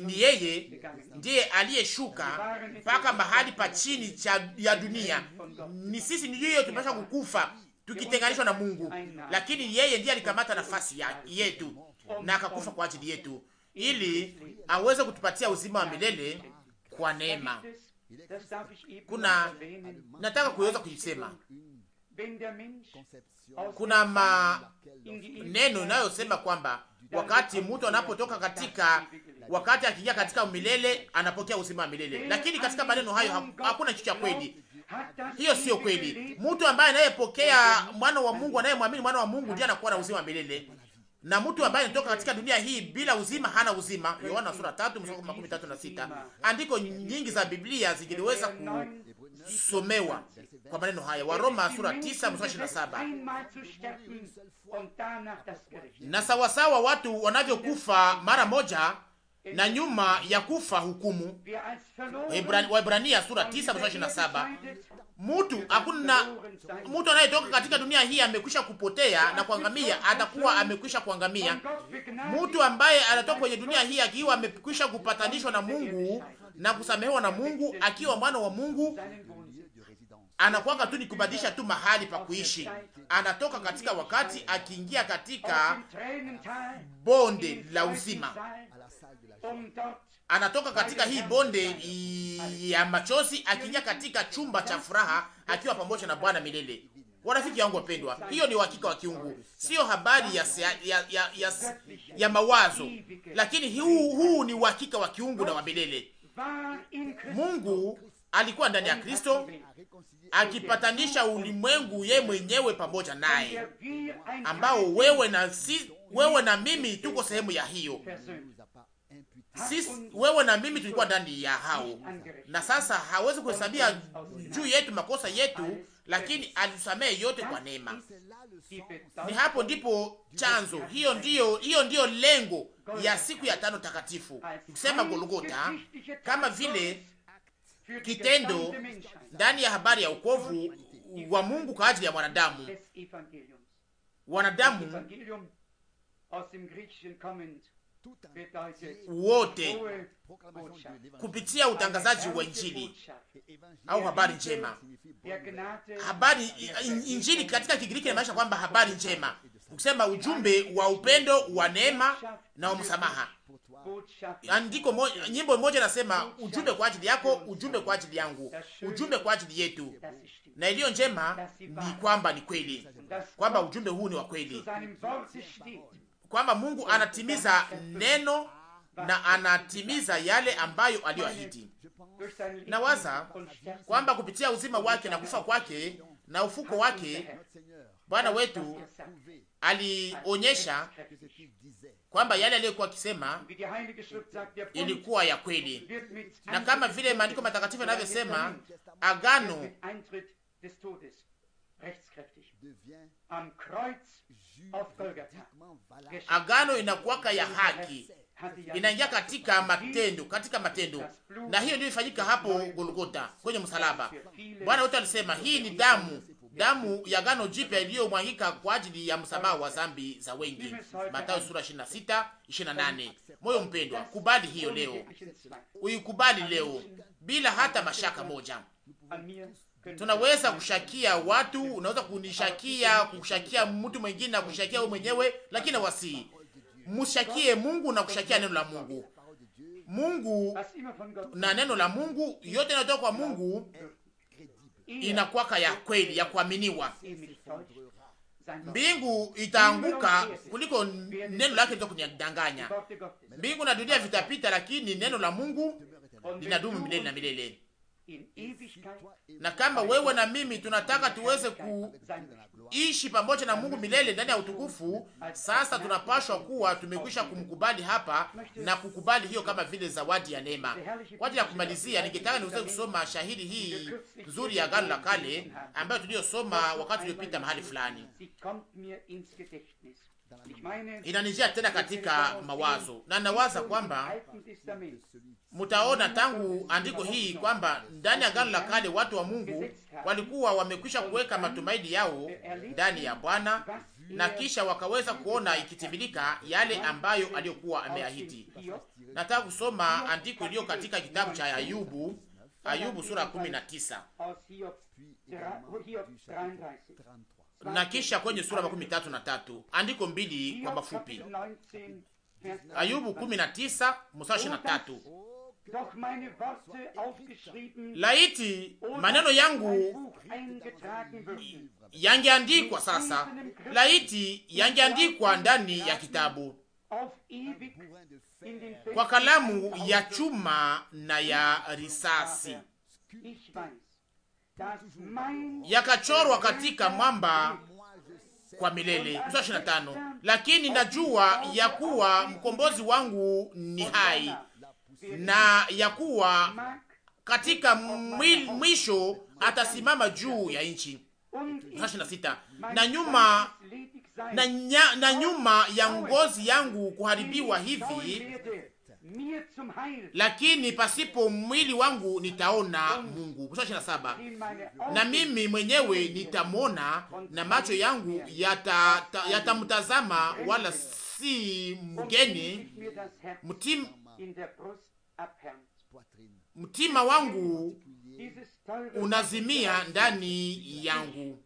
ni yeye ndiye aliyeshuka mpaka mahali pa chini cha ya dunia. Ni sisi ndiyo tumesha kukufa tukitenganishwa na Mungu, lakini yeye ndiye alikamata nafasi ya yetu na akakufa kwa ajili yetu ili aweze kutupatia uzima wa milele kwa neema. Kuna nataka kuweza kuisema kuna maneno inayosema kwamba wakati mtu anapotoka katika wakati akiingia katika milele anapokea uzima wa milele. Lakini katika maneno hayo hakuna kitu cha kweli, hiyo sio kweli. Mtu ambaye anayepokea mwana wa Mungu, anayemwamini mwana wa Mungu ndiye anakuwa na uzima wa milele, na mtu ambaye anatoka katika dunia hii bila uzima hana uzima. Yohana sura 3 mstari makumi tatu na sita. Andiko nyingi za Biblia zingeliweza kusomewa kwa maneno haya. Waroma sura 9 mstari wa 27 Na sawasawa watu wanavyokufa mara moja na nyuma ya kufa hukumu. Waibrania sura 9:27. Mtu hakuna mtu anayetoka katika dunia hii amekwisha kupotea na kuangamia, atakuwa amekwisha kuangamia. Mtu ambaye anatoka kwenye dunia hii akiwa amekwisha kupatanishwa na Mungu na kusamehewa na Mungu, akiwa mwana wa Mungu, anakuwa tu ni kubadilisha tu mahali pa kuishi. Anatoka katika wakati akiingia katika bonde la uzima anatoka katika hii bonde ya machozi akiingia katika chumba cha furaha akiwa pamoja na Bwana milele. Warafiki wangu wapendwa, hiyo ni uhakika wa kiungu, sio habari ya, ya, ya, ya, ya, ya mawazo, lakini huu, huu ni uhakika wa kiungu na wa milele. Mungu alikuwa ndani ya Kristo akipatanisha ulimwengu ye mwenyewe pamoja naye, ambao wewe na si, wewe na mimi tuko sehemu ya hiyo sisi, wewe na mimi tulikuwa ndani ya hao, na sasa hawezi kuhesabia juu yetu makosa yetu, lakini alitusamehe yote kwa neema. Ni hapo ndipo chanzo, hiyo ndiyo, hiyo ndiyo lengo ya siku ya tano takatifu, kusema Golgota kama vile kitendo ndani ya habari ya ukovu wa Mungu kwa ajili ya mwanadamu. Wanadamu wote kupitia utangazaji wa Injili au habari njema. Habari Injili katika Kigiriki inamaanisha kwamba habari njema, ukisema ujumbe wa upendo wa neema na wa msamaha. Andiko moja, nyimbo moja nasema ujumbe kwa ajili yako, ujumbe kwa ajili yangu, ujumbe kwa ajili yetu. Na iliyo njema ni kwamba ni kweli, kwamba ujumbe huu ni wa kweli kwamba Mungu anatimiza neno na anatimiza yale ambayo aliyoahidi. Nawaza kwamba kupitia uzima wake na kufa kwake na ufuko wake Bwana wetu alionyesha kwamba yale aliyokuwa akisema ilikuwa ya kweli, na kama vile maandiko matakatifu yanavyosema, agano Agano inakuwaka ya haki, inaingia katika matendo, katika matendo, na hiyo ndio ifanyika hapo Golgota, kwenye msalaba. Bwana wetu alisema hii ni damu damu ya gano jipya iliyomwangika kwa ajili ya msamaha wa dhambi za wengi. Mathayo sura 26 28. Moyo mpendwa, kubali hiyo leo, uikubali leo bila hata mashaka moja tunaweza kushakia watu, unaweza kunishakia, kushakia mtu mwingine na kushakia wewe mwenyewe, lakini wasi mushakie Mungu na kushakia neno la Mungu. Mungu na neno la Mungu, yote inayotoka kwa Mungu inakwaka ya kweli ya kuaminiwa. Mbingu itaanguka kuliko neno lake lito kunidanganya. Mbingu na dunia vitapita, lakini neno la Mungu linadumu milele na milele na kama wewe na mimi tunataka tuweze kuishi pamoja na Mungu milele ndani ya utukufu, sasa tunapashwa kuwa tumekwisha kumkubali hapa na kukubali hiyo kama vile zawadi ya neema. Kwa ajili ya kumalizia, ningetaka niweze kusoma shahidi hii nzuri ya Agano la Kale ambayo tuliyosoma wakati uliopita mahali fulani, inanijia tena katika mawazo na nawaza kwamba mutaona tangu andiko hii kwamba ndani ya gano la Kale watu wa Mungu walikuwa wamekwisha kuweka matumaini yao ndani ya Bwana na kisha wakaweza kuona ikitimilika yale ambayo aliyokuwa ameahidi. Nataka kusoma andiko iliyo katika kitabu cha Ayubu, Ayubu sura 19 na kisha kwenye sura makumi tatu na tatu andiko mbili kwa mafupi. Ayubu 19 na mstari Laiti maneno yangu yangeandikwa sasa, laiti yangeandikwa ndani ya kitabu kwa kalamu ya chuma na ya risasi, yakachorwa katika mwamba kwa milele. Lakini najua ya kuwa mkombozi wangu ni hai na ya kuwa katika mwisho atasimama juu ya nchi. Na nyuma na, nya, na nyuma ya ngozi yangu kuharibiwa hivi, lakini pasipo mwili wangu nitaona Mungu. saba. Na mimi mwenyewe nitamwona, na macho yangu yatamtazama, yata wala si mgeni mtim, mtima wangu unazimia ndani yangu.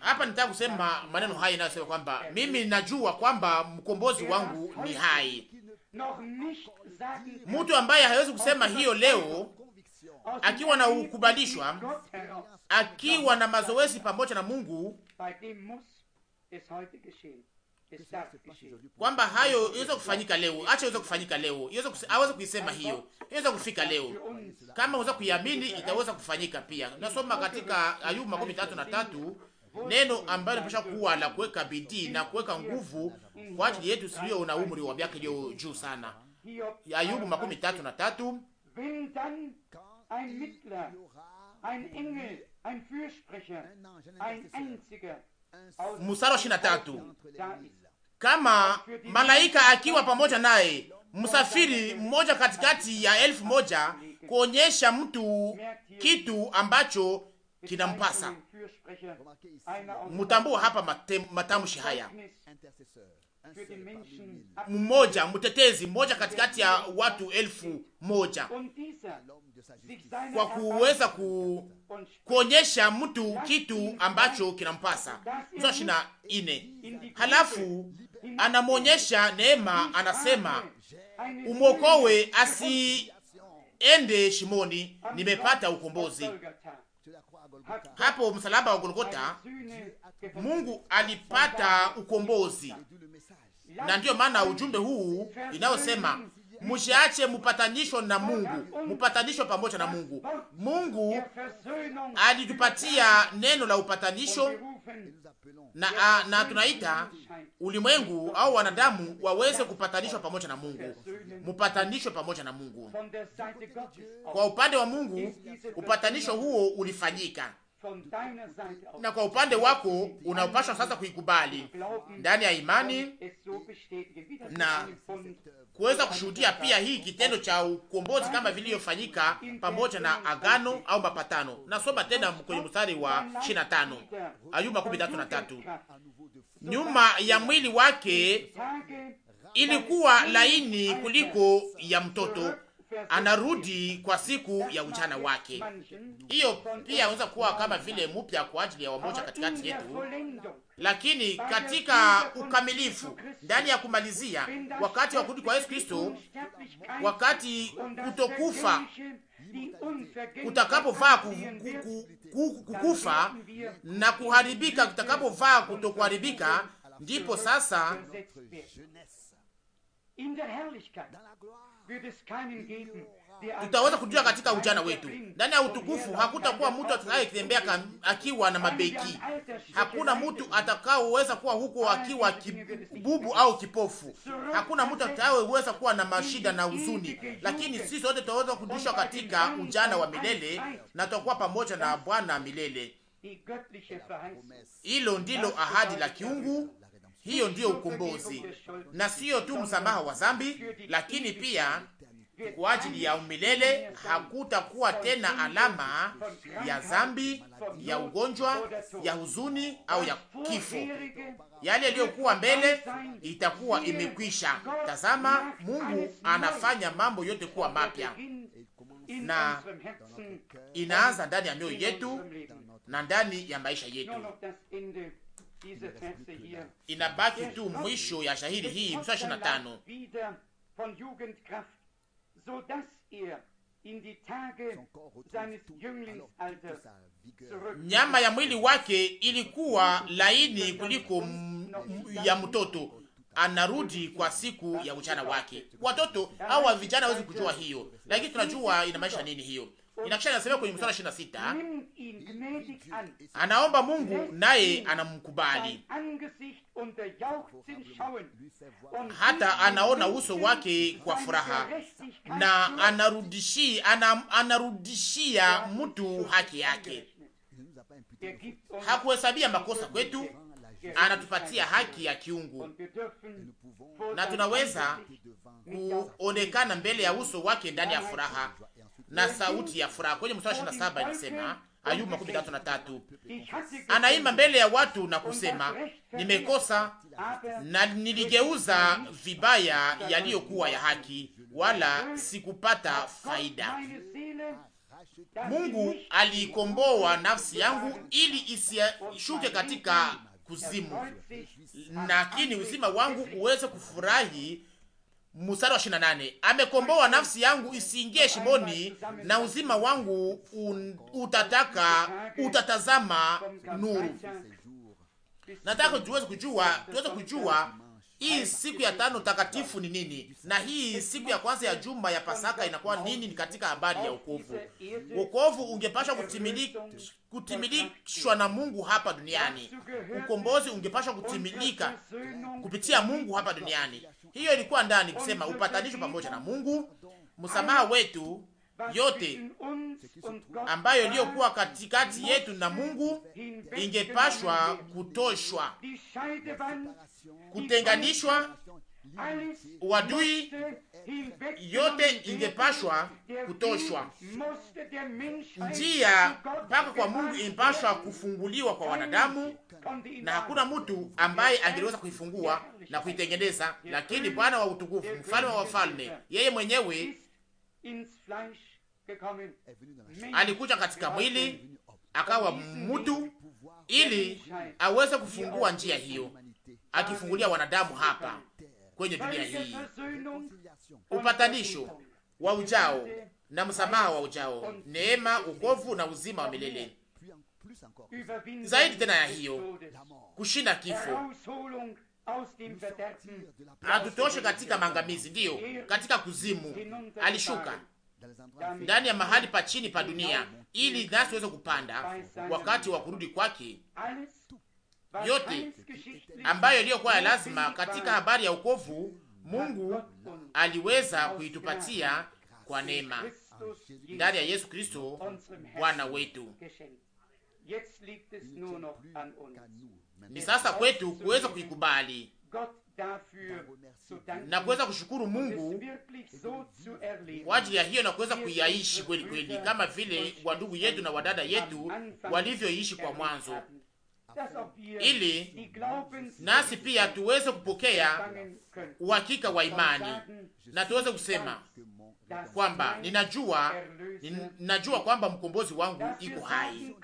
Hapa nitaka kusema maneno haya inayosema kwamba mimi najua kwamba mkombozi wangu ni hai. Mtu ambaye hawezi kusema hiyo leo akiwa na ukubalishwa, akiwa na mazoezi pamoja na Mungu kwamba hayo iweze kufanyika leo, acha iweze kufanyika leo, iweze aweze kuisema hiyo, iweze kufika leo. Kama unaweza kuiamini, itaweza kufanyika pia. Nasoma katika Ayubu makumi tatu na tatu neno ambayo limesha kuwa la kuweka bidii na kuweka nguvu mm. kwa ajili yetu, sio na umri wa miaka iliyo juu sana. Ayubu makumi tatu na tatu mstari wa ishirini na tatu kama malaika akiwa pamoja naye, msafiri mmoja katikati ya elfu moja, kuonyesha mtu kitu ambacho kinampasa. Mutambua hapa matamshi haya, mmoja mtetezi mmoja katikati ya watu elfu moja kwa kuweza ku, kuonyesha mtu kitu ambacho kinampasa. Ishirini na nne. Halafu anamwonyesha neema, anasema umwokowe asiende shimoni, nimepata ukombozi hapo msalaba wa Golgota. Mungu alipata ukombozi, na ndiyo maana ujumbe huu inayosema Mshiache mupatanisho na Mungu, mupatanisho pamoja na Mungu. Mungu alitupatia neno la upatanisho Mm. na, a, ah, na tunaita ulimwengu au wanadamu waweze kupatanishwa pamoja na Mungu, mupatanisho pamoja na Mungu. Kwa upande wa Mungu upatanisho huo ulifanyika, na kwa upande wako unaopashwa sasa kuikubali ndani ya imani na kuweza kushuhudia pia hii kitendo cha ukombozi kama vilivyofanyika pamoja na agano au mapatano. Nasoma tena kwenye mstari wa 25, Ayuba 13, nyuma ya mwili wake ilikuwa laini kuliko ya mtoto, anarudi kwa siku ya ujana wake. Hiyo pia inaweza kuwa kama vile mupya kwa ajili ya wamoja katikati yetu lakini katika ukamilifu, ndani ya kumalizia, wakati wa kurudi kwa Yesu Kristo, wakati kutokufa kutakapovaa kukufa na kuharibika kutakapovaa kutokuharibika, ndipo sasa tutaweza kujua katika ujana wetu. Ndani ya utukufu hakutakuwa mtu atakayetembea akiwa na mabeki. Hakuna mtu atakaoweza kuwa huko akiwa kibubu au kipofu. Hakuna mtu atakayeweza kuwa na mashida na huzuni, lakini sisi sote tutaweza kurudishwa katika ujana wa milele na tutakuwa pamoja na Bwana milele. Hilo ndilo ahadi la kiungu hiyo ndiyo ukombozi, na siyo tu msamaha wa zambi, lakini pia kwa ajili ya umilele. Hakutakuwa tena alama ya zambi, ya ugonjwa, ya huzuni au ya kifo. Yale yaliyokuwa mbele itakuwa imekwisha. Tazama, Mungu anafanya mambo yote kuwa mapya, na inaanza ndani ya mioyo yetu na ndani ya maisha yetu. Inabaki tu mwisho ya shahiri hii mstari ishirini na tano er nyama ya mwili wake ilikuwa laini kuliko ya mtoto, anarudi kwa siku ya ujana wake. Watoto au vijana hawezi kujua hiyo, lakini tunajua inamaanisha nini hiyo inakisha inasema kwenye mstari ishirini na sita anaomba Mungu naye anamkubali, hata anaona uso wake kwa furaha na anarudishi, anarudishia mtu haki yake. Er Hakuhesabia makosa kwetu, anatupatia haki ya kiungu na tunaweza kuonekana mbele ya uso wake ndani ya furaha na sauti ya furaha. Kwenye mstari ishirini na saba inasema Ayubu makumi tatu na tatu anaimba mbele ya watu na kusema, nimekosa na niligeuza vibaya yaliyokuwa ya haki, wala sikupata faida. Mungu aliikomboa nafsi yangu ili isishuke katika kuzimu, lakini uzima wangu uweze kufurahi musara wa 28, amekomboa nafsi yangu isiingie shimoni, na uzima wangu utataka utatazama nuru. Nataka tuweze kujua, tuweze kujua hii siku ya tano takatifu ni nini, na hii siku ya kwanza ya juma ya Pasaka inakuwa nini katika habari ya ukovu Ukovu ungepashwa kutimilika kutimilishwa na Mungu hapa duniani. Ukombozi ungepashwa kutimilika kupitia Mungu hapa duniani hiyo ilikuwa ndani kusema upatanisho pamoja na Mungu, msamaha wetu yote ambayo iliyokuwa katikati yetu na Mungu ingepashwa kutoshwa, kutenganishwa wadui yote ingepashwa kutoshwa, njia mpaka kwa Mungu impashwa kufunguliwa kwa wanadamu, na hakuna mtu ambaye angeliweza kuifungua na kuitengeneza. Lakini Bwana wa utukufu, mfalme wa wafalme, yeye mwenyewe alikuja katika mwili akawa mtu ili aweze kufungua njia hiyo, akifungulia wanadamu hapa kwenye dunia hii, upatanisho wa ujao na msamaha wa ujao, neema, ukovu na uzima wa milele. Zaidi tena ya hiyo, kushinda kifo hatutoshe katika maangamizi, ndiyo, katika kuzimu alishuka ndani ya mahali pa chini pa dunia, ili nasi tuweze kupanda wakati wa kurudi kwake yote ambayo iliyokuwa ya lazima katika habari ya ukovu, Mungu aliweza kuitupatia kwa neema ndani ya Yesu Kristo Bwana wetu. Ni sasa kwetu kuweza kuikubali na kuweza kushukuru Mungu kwa ajili ya hiyo na kuweza kuiaishi kweli kweli, kama vile wandugu yetu na wadada yetu walivyoishi kwa mwanzo ili nasi pia tuweze kupokea uhakika wa imani na tuweze kusema kwamba ninajua, ninajua kwamba mkombozi wangu iko hai.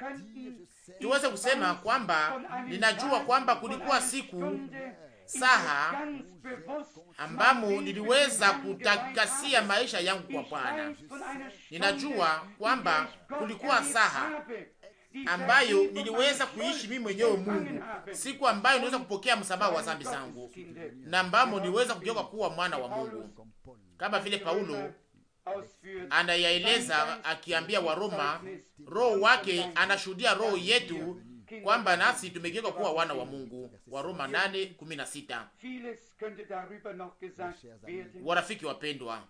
Tuweze kusema kwamba ninajua kwamba kulikuwa siku saha ambamo niliweza kutakasia maisha yangu kwa Bwana. Ninajua kwamba kulikuwa saha ambayo niliweza kuishi mimi mwenyewe Mungu, siku ambayo niliweza kupokea msamaha wa dhambi zangu na ambamo niliweza kugeuka kuwa mwana wa Mungu, kama vile Paulo anayaeleza akiambia Waroma, roho wake anashuhudia roho yetu kwamba nasi tumegeuka kuwa wana wa Mungu. Waroma 8:16. Warafiki wapendwa,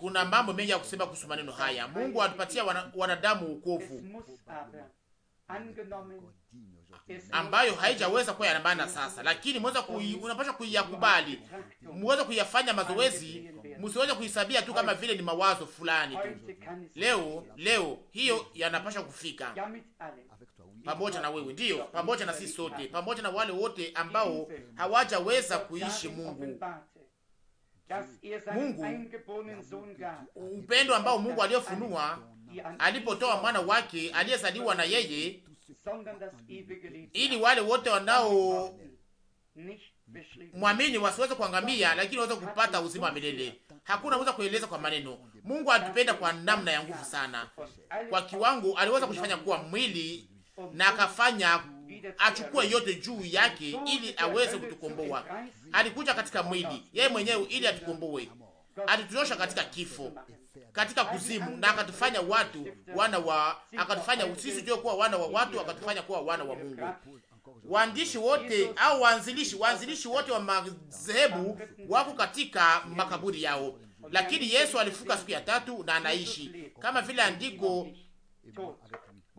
kuna mambo mengi ya kusema kuhusu maneno haya. Mungu atupatia wana, wanadamu ukovu ambayo haijaweza kuwa yana maana sasa, lakini mweza kui, unapaswa kuyakubali, mweza kuyafanya mazoezi, msiweze kuisabia tu kama vile ni mawazo fulani tu. Leo leo hiyo yanapaswa kufika pamoja na wewe, ndiyo, pamoja na sisi sote, pamoja na wale wote ambao hawajaweza kuishi Mungu Mungu upendo ambao Mungu aliofunua alipotoa mwana wake aliyezaliwa na yeye, ili wale wote wanao mwamini wasiweze kuangamia, lakini waweze kupata uzima wa milele. Hakuna weza kueleza kwa maneno. Mungu alitupenda kwa namna ya nguvu sana, kwa kiwango aliweza kushifanya kuwa mwili na akafanya achukue yote juu yake ili aweze kutukomboa. Alikuja katika mwili yeye mwenyewe ili atukomboe, alitunyosha katika kifo, katika kuzimu, na akatufanya watu wana wa, akatufanya sisi tuwe kuwa wana wa watu, akatufanya kuwa wana wa Mungu. Waandishi wote au waanzilishi, waanzilishi wote wa madhehebu wako katika makaburi yao, lakini Yesu alifuka siku ya tatu na anaishi kama vile andiko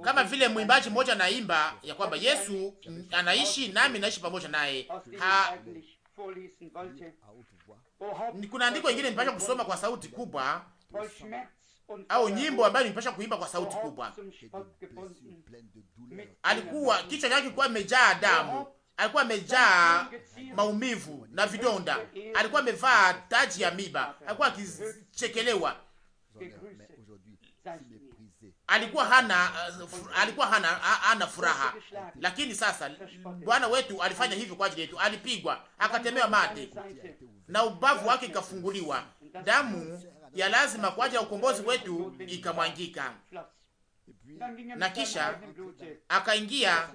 kama vile mwimbaji mmoja anaimba ya kwamba Yesu anaishi nami naishi pamoja naye. Kuna andiko ingine nipasha kusoma kwa sauti kubwa au nyimbo ambayo nilipasha kuimba kwa sauti kubwa. Alikuwa kichwa chake kilikuwa imejaa damu, alikuwa amejaa maumivu na vidonda, alikuwa amevaa taji ya miba, alikuwa akichekelewa alikuwa hana uh, alikuwa hana, hana furaha, lakini sasa Bwana wetu alifanya hivyo kwa ajili yetu. Alipigwa, akatemewa mate na ubavu wake ikafunguliwa, damu ya lazima kwa ajili ya ukombozi wetu ikamwangika, na kisha akaingia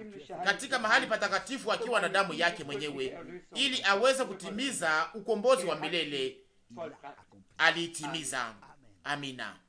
katika mahali patakatifu akiwa na damu yake mwenyewe, ili aweze kutimiza ukombozi wa milele. Aliitimiza. Amina.